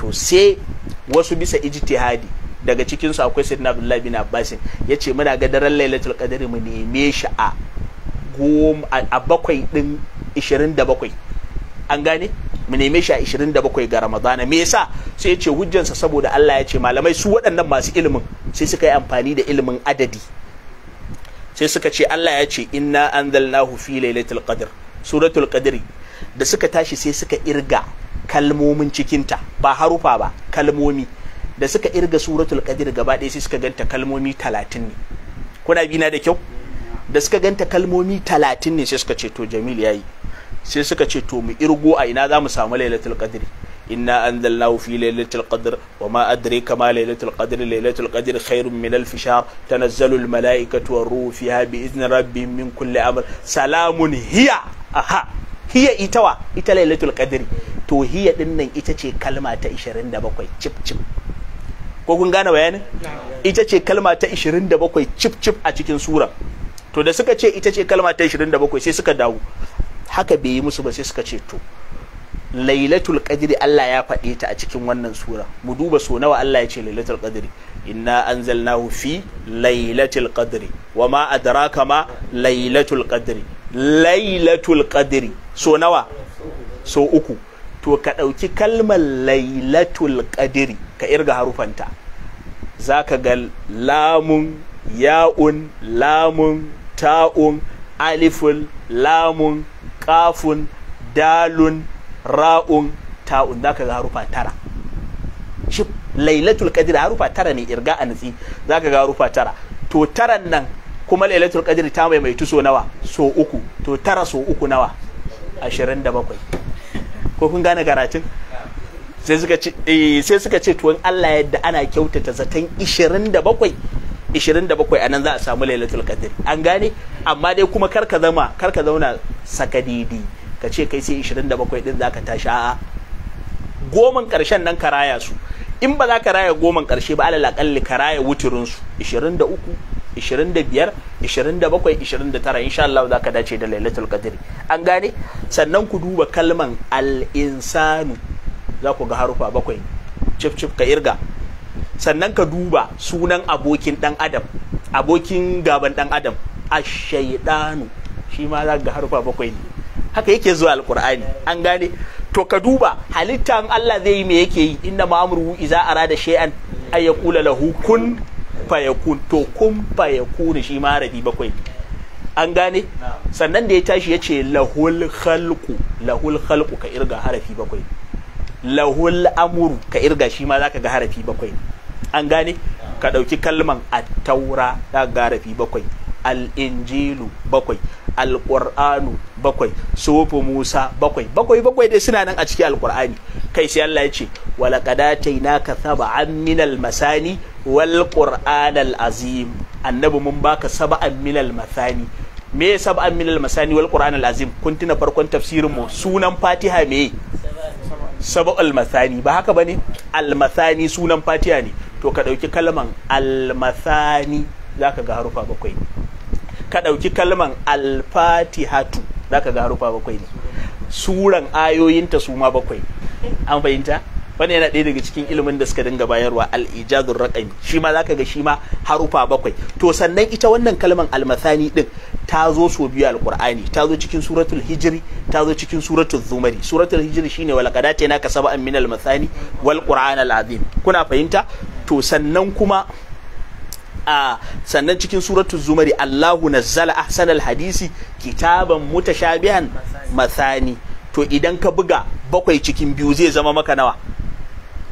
to sai wasu bisa ijtihadi daga cikin su akwai sayyidina abdullahi bin Abbas yace muna ga daren Lailatul Qadr mu neme shi a bakwai din 27 an gane mu neme shi a 27 ga Ramadana me yasa sai yace hujjansa saboda Allah ya ce malamai su waɗannan masu ilimin sai suka yi amfani da ilimin adadi sai suka ce Allah ya ce inna anzalnahu fi lailatul qadr suratul qadri da suka tashi sai suka irga kalmomin cikinta ba harufa ba kalmomi da suka irga suratul qadr gaba ɗaya sai suka ganta kalmomi talatin ne kuna na da kyau da suka ganta kalmomi talatin ne sai suka ce to jamil yayi sai suka ce to mu irgo a ina za mu samu lailatul qadri inna anzalnahu fi lailatul qadr wa ma adraka ma lailatul qadr lailatul qadr khairun min alf shahr tanazzalu al malaikatu war ruhu fiha bi izni rabbihim min kulli amr salamun hiya aha hiya itawa ita lailatul qadr to hiya din ita ce kalma ta 27 ko kun gane bayanin ita ce kalma ta 27 cip cip a cikin sura to da suka ce ita ce kalma ta 27 sai suka dawo haka bai yi musu ba sai suka ce to lailatul qadri Allah ya faɗe ta a cikin wannan sura mu duba so nawa Allah ya ce lailatul qadri inna anzalnahu fi lailatul qadri wa ma adraka ma lailatul qadri lailatul qadri so nawa so uku to ka ɗauki kalmar lailatul qadri ka irga harufanta zaka ga lamun ya'un lamun ta'un alifun lamun kafun dalun ra'un ta'un za ka ga harufa tara shi lailatul qadr harufa tara ne irga a nutsi ka ga harufa tara to taran nan kuma lailatul qadr ta mai mai tuso nawa so uku to tara so uku nawa 27 ko kun gane karatun sai suka ce eh, sai suka ce Allah yadda ana kyautata zaton 27 27 a nan za a samu lailatul qadr an gane amma dai kuma karka zama karka zauna sakadidi ka ce kai sai 27 din zaka tashi a'a goman karshen nan ka raya su in ba za ka raya goman karshe ba alal akalli ka raya wuturin su 23 25 27 29 insha Allah za ka dace da lailatul Qadr an gane sannan ku duba kalman al-insanu za ku ga harufa bakwai cif cif ka irga sannan ka duba sunan abokin dan adam abokin gaban dan adam ash-shaytanu shi ma za ga harufa bakwai ne haka yake zuwa alkur'ani an gane to ka duba halittan Allah zai yi me yake yi inda ma'amuru iza arada shay'an ay yaqula lahu kun fayakun to kun fayakun shi ma rabi bakwai an gane sannan da ya tashi ya ce lahul khalqu lahul khalqu ka irga harafi bakwai lahul amru ka irga shi ma zaka ga harafi bakwai an gane ka dauki kalman at-taura da ga harafi bakwai al'injilu bakwai alƙur'anu bakwai sufu musa bakwai bakwai bakwai dai suna nan a cikin alƙur'ani kai sai Allah ya ce walaqadatai naka saba'an minal masani wal qur'anal azim annabi mun baka saba'an minal masani me saba'an minal masani wal qur'anal azim kun tuna farkon tafsirin mu sunan fatiha me al masani ba haka bane al masani sunan fatiha ne to ka dauki kalman al masani zaka ga harufa bakwai ka ɗauki kalman alfatihatu za ka ga harufa bakwai ne suran ayoyinta su ma bakwai an fahimta wani yana ɗaya daga cikin ilimin da suka dinga bayarwa al-ijazur shi ma ka ga shi ma harufa bakwai to sannan ita wannan kalman almasani ɗin ta zo so biyu Alƙur'ani ta zo cikin suratul hijiri ta zo cikin suratul zumari suratul ne shine wal yana ka sab'an min almasani wal qur'an al'azim kuna fahimta to sannan kuma a sannan cikin suratul zumari Allahu nazzala ahsanal hadisi kitaban mutashabihan mathani to idan ka buga bakwai cikin biyu zai zama maka nawa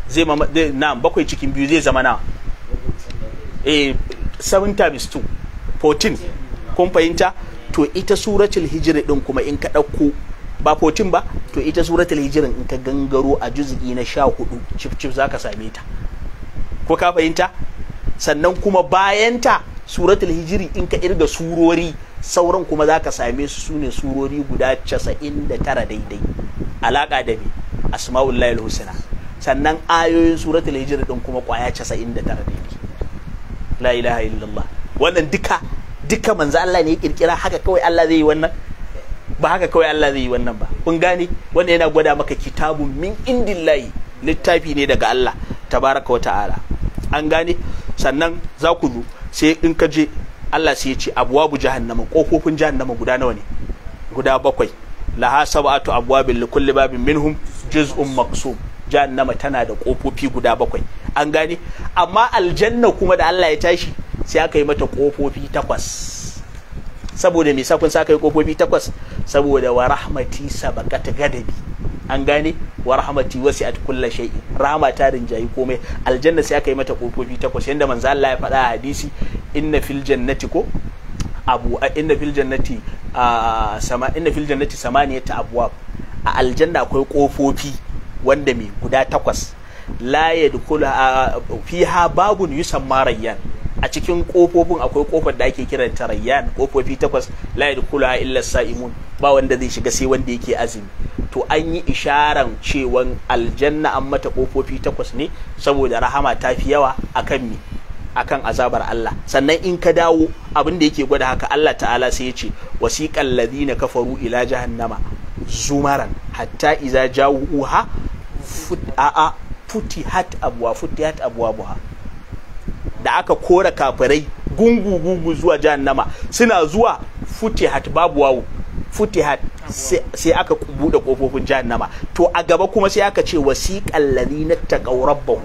zai ma na'am bakwai cikin biyu zai zama nawa eh 7 times 2 14 kun fahimta to ita suratul hijri din kuma in ka dauko ba 14 ba to ita suratul hijirin in ka gangaro a juz'i na 14 cif cif zaka same ta ko ka fahimta sannan kuma bayanta suratul hijiri in ka irga surori sauran kuma za ka same su sune surori guda 99 daidai alaka da bi asma'ul layl husna sannan ayoyin suratul hijiri din kuma kwaya 99 daidai la ilaha illallah wannan duka duka manzo Allah ne ya kirkira haka kawai Allah zai yi wannan ba haka kawai Allah zai yi wannan ba kun gane wannan yana gwada maka kitabun min indillahi littafi ne daga Allah tabaraka wa ta'ala an gane sannan za ku zo sai in ka je Allah sai ya ce abuwabu jahannama kofofin jahannama guda nawa ne guda bakwai laha sab'atu abwabin li kulli babin minhum juz'un maqsum jahannama tana da kofofi guda bakwai an gane amma aljanna kuma da Allah ya tashi sai aka yi mata kofofi takwas saboda me sa kun kofofi takwas saboda wa rahmati sabaqat gadabi an gane wa rahmati wasi'at kulla shay'i rahama ta rinjayi komai aljanna sai aka yi mata kofofi takwas yanda manzo Allah ya faɗa a hadisi inna fil jannati ko abu inna fil jannati sama inna fil jannati samaniyata abwab a aljanna akwai kofofi wanda me guda takwas la yadkhulu fiha babun yusamma rayyan a cikin kofofin akwai kofar da ake kiran ta rayyan kofofi takwas la yadkhula illa sa'imun ba wanda zai shiga sai wanda yake azumi to an yi isharan cewan aljanna an mata kofofi takwas ne saboda rahama ta fi yawa akan mi akan azabar Allah sannan in ka dawo abin da yake gwada haka Allah ta'ala sai ya ce wasiqal ladina kafaru ila jahannama zumaran hatta iza jawuha fut a'a futihat abwa futihat buha. da aka kora kafirai gungu gungu zuwa jahannama suna zuwa futihat babu wawu futihat sai aka buɗe kofofin jahannama to a gaba kuma sai aka ce wasiqal ladina taqaw rabbahum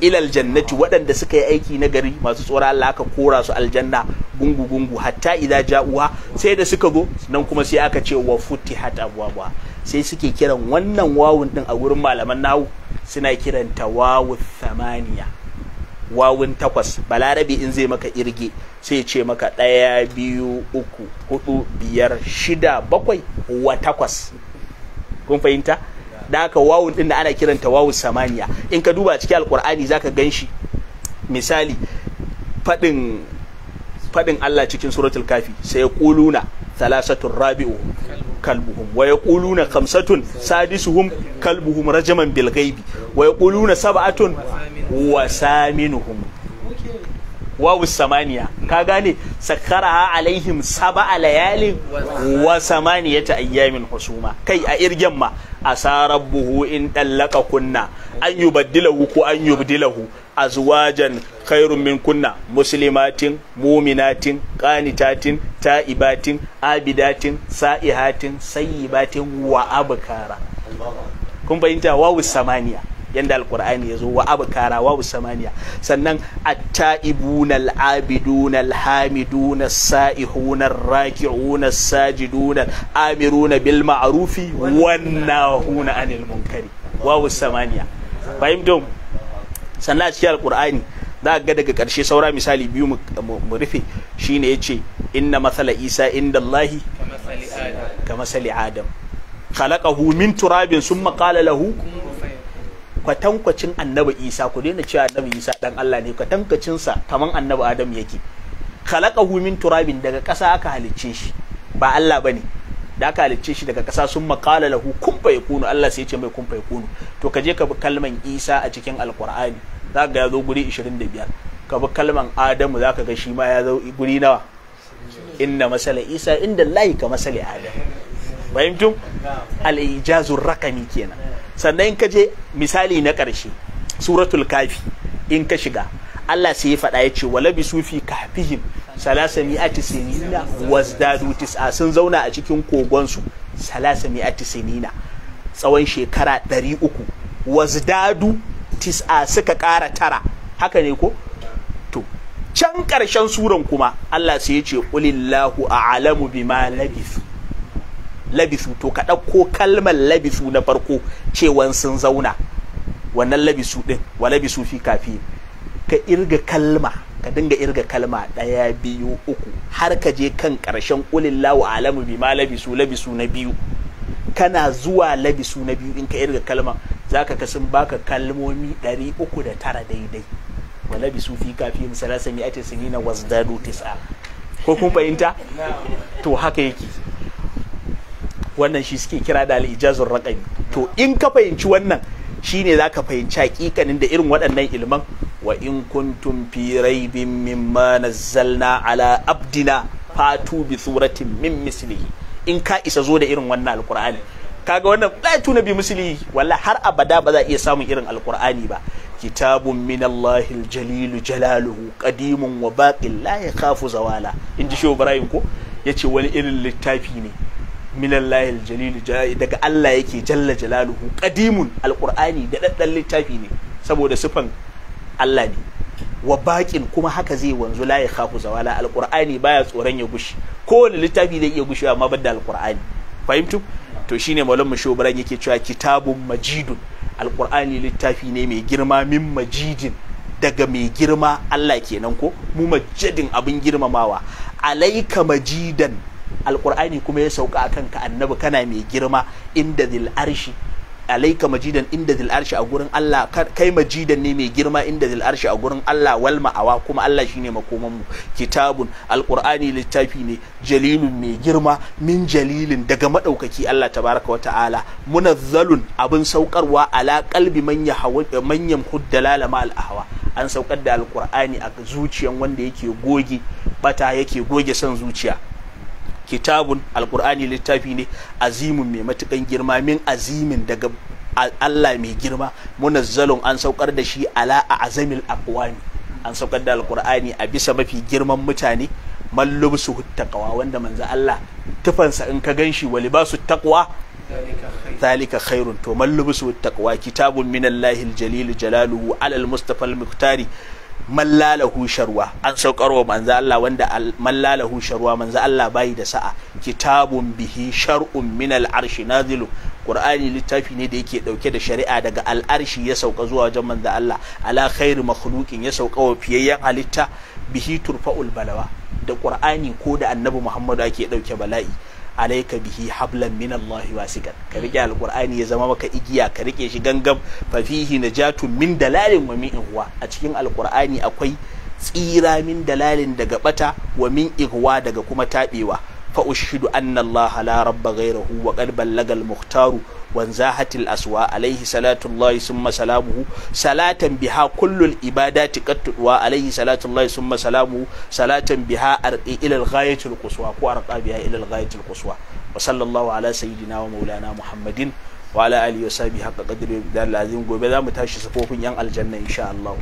ilal jannati waɗanda suka yi aiki na gari masu tsoron Allah aka kora su aljanna gungu gungu hatta idza ja'uha sai da suka go nan kuma sai aka ce wa futihat abwaaba sai suke kiran wannan wawun din a gurin malaman nahu suna kiranta wawu thamaniya wawun takwas balarabe in zai maka irge sai ce maka ɗaya biyu uku hudu biyar shida bakwai wa takwas kun fahimta da aka wawun din da ana kiranta wawun samaniya in ka duba cikin alkur'ani zaka gan shi misali faɗin faɗin Allah cikin suratul kafi sai ya ƙuluna thalasatun rabi'u kalbuhum wa yaquluna khamsatun sadisuhum kalbuhum rajaman bil ghaibi wa yaquluna sab'atun wa saminuhum wawu samaniya ka gane sakkaraha alaihim sab'a layalin wa ta ayyamin husuma kai a irgen ma A sarar buhu in dallaka kunna an yubaddilahu ko an yubdilahu azwajan khairum min kunna muslimatin muminatin qanitatin ta'ibatin abidatin sa'ihatin sayyibatin wa abkara kun fahimta wawu samaniya yanda alqur'ani yazo wa abkara wawu samaniya sannan at-ta'ibun al-abidun al-hamidun as saihuna ar rakiuna as sajiduna amiruna bil ma'rufi wa nahuna 'anil munkari wawu samaniya fahimtum sannan a cikin alkur'ani za ga daga ƙarshe saura misali biyu mu rufe shine yace inna masala isa inda allahi ka masali adam khalaqahu min turabin sun qala lahu kwatankwacin annabi isa ku daina cewa annabi isa dan allah ne kwatankwacin sa kaman annabi adam yake khalaqahu min turabin daga ƙasa aka halicce shi ba allah bane da aka halicce shi daga kasa sun makala lahu kumfa ya kunu Allah sai ya ce mai kumfa ya kunu to ka je ka bi kalman Isa a cikin alkur'ani za ga ya zo guri 25 ka bi kalman Adamu za ka ga shi ma ya zo guri nawa inna masala Isa inda lahi ka masala Adam fahimtum al-ijazur rakami kenan sannan in ka je misali na karshe suratul kafi in ka shiga Allah sai ya faɗa ya ce walabi sufi kafihim salasa mi'ati sinina wazdadu tis'a ah, sun zauna a cikin kogonsu salasa mi'ati sinina tsawon shekara ɗari uku wazdadu tis'a ah, suka ƙara tara haka ne ko to can ƙarshen suran kuma Allah sai ya ce a a'lamu bima labisu to ka ɗauko kalmar labisu na farko cewan sun zauna wannan labisu ɗin wa labisu fi kafi ka irga kalma ka dinga irga kalma ɗaya biyu uku har ka je kan ƙarshen ƙulillahu alamu bi ma labisu labisu na biyu kana zuwa labisu na biyu in ka irga kalma za ka kasin baka kalmomi ɗari uku da tara daidai wa labisu fi kafin salasa mi'ati sinina wasdadu tis'a ko kun fahimta to haka yake wannan shi suke kira da al'ijazun raƙami. to in ka fahimci wannan Shi ne za ka fahimci hakikanin da irin waɗannan ilman wa in kuntum fi raibin mimma nazzalna ala abdina fatu bi suratin min mislihi in ka isa zo da irin wannan alqur'ani kaga wannan fatu tuna bi mislihi walla har abada ba za iya samun irin alqur'ani ba kitabun min Allah jalilu jalaluhu qadimun wa baqin la yakhafu zawala Inji ji Ibrahim ko yace wani irin littafi ne minallahi aljalil daga Allah yake jalla jalaluhu qadimun alqur'ani da daddan littafi ne saboda sifan Allah ne wa kuma haka zai wanzu la ya khafu zawala alqur'ani baya tsoron ya gushi ko kowane littafi zai iya gushewa amma badda alqur'ani fahimtu to shine malam mushobaran yake cewa kitabun majidun alqur'ani littafi ne mai girma min majidin daga mai girma Allah kenan ko mu majidin abin girmamawa alaika majidan alkur'ani kuma ya sauka a kanka annabi kana mai girma inda zil arshi alaika majidan inda zil arshi a gurin Allah kai majidan ne mai girma inda zil arshi a gurin Allah wal ma'awa kuma Allah shine makoman mu kitabun alkur'ani littafi ne jalilun mai girma min jalilin daga madaukaki Allah tabaraka wa ta'ala munazzalun abin saukarwa ala qalbi man yahawa man ma al an saukar da alkur'ani a zuciyan wanda yake goge bata yake goge son zuciya kitabun alkur'ani littafi ne azimin mai matukan girma min azimin daga Allah mai girma munazzalun an saukar da shi ala a azamil aqwami an saukar da alkur'ani a bisa mafi girman mutane mallubsu taqwa wanda manzo Allah tufansa in ka ganshi ba su taqwa zalika khairun to mallubsu taqwa kitabun minallahi aljalil jalaluhu alal mustafa al mallala sharuwa an wa manzo Allah wanda mallala sharuwa manzo Allah bayi da sa'a kitabun bihi shar'un min al-arshi nazilu qur'ani littafi ne da yake dauke da shari'a daga al'arshi ya sauka zuwa wajen manzo Allah ala khairu makhluqin ya sauka wa fiyayyan halitta bihi turfa'ul balawa da qur'ani ko da annabi Muhammadu ake dauke bala'i Alaika bihi hablan min Allah wasiqan ka rike alqur'ani ya zama maka igiya ka rike shi gangam fa fihi najatu min dalalin wa min ihwa a cikin alqur'ani akwai tsira min dalalin daga bata wa min ihwa daga kuma tabewa fa ushidu anna Allah la rabba ghayrahu wa qad ballaga muhtaru wanzahatil asuwa alaihi salatullahi summa salamuhu salatan biha kullul ibadati qattuwa alaihi salatullahi summa salamuhu salatan biha arqi ila al-ghayatil ko arqa biha ila al-ghayatil quswa wa sallallahu maulana muhammadin wa ala alihi wa da haqqa qadri bidal azim gobe zamu tashi safofin yan aljanna insha Allah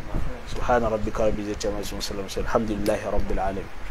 subhana rabbika rabbil izzati amma yasifun alhamdulillahi rabbil alamin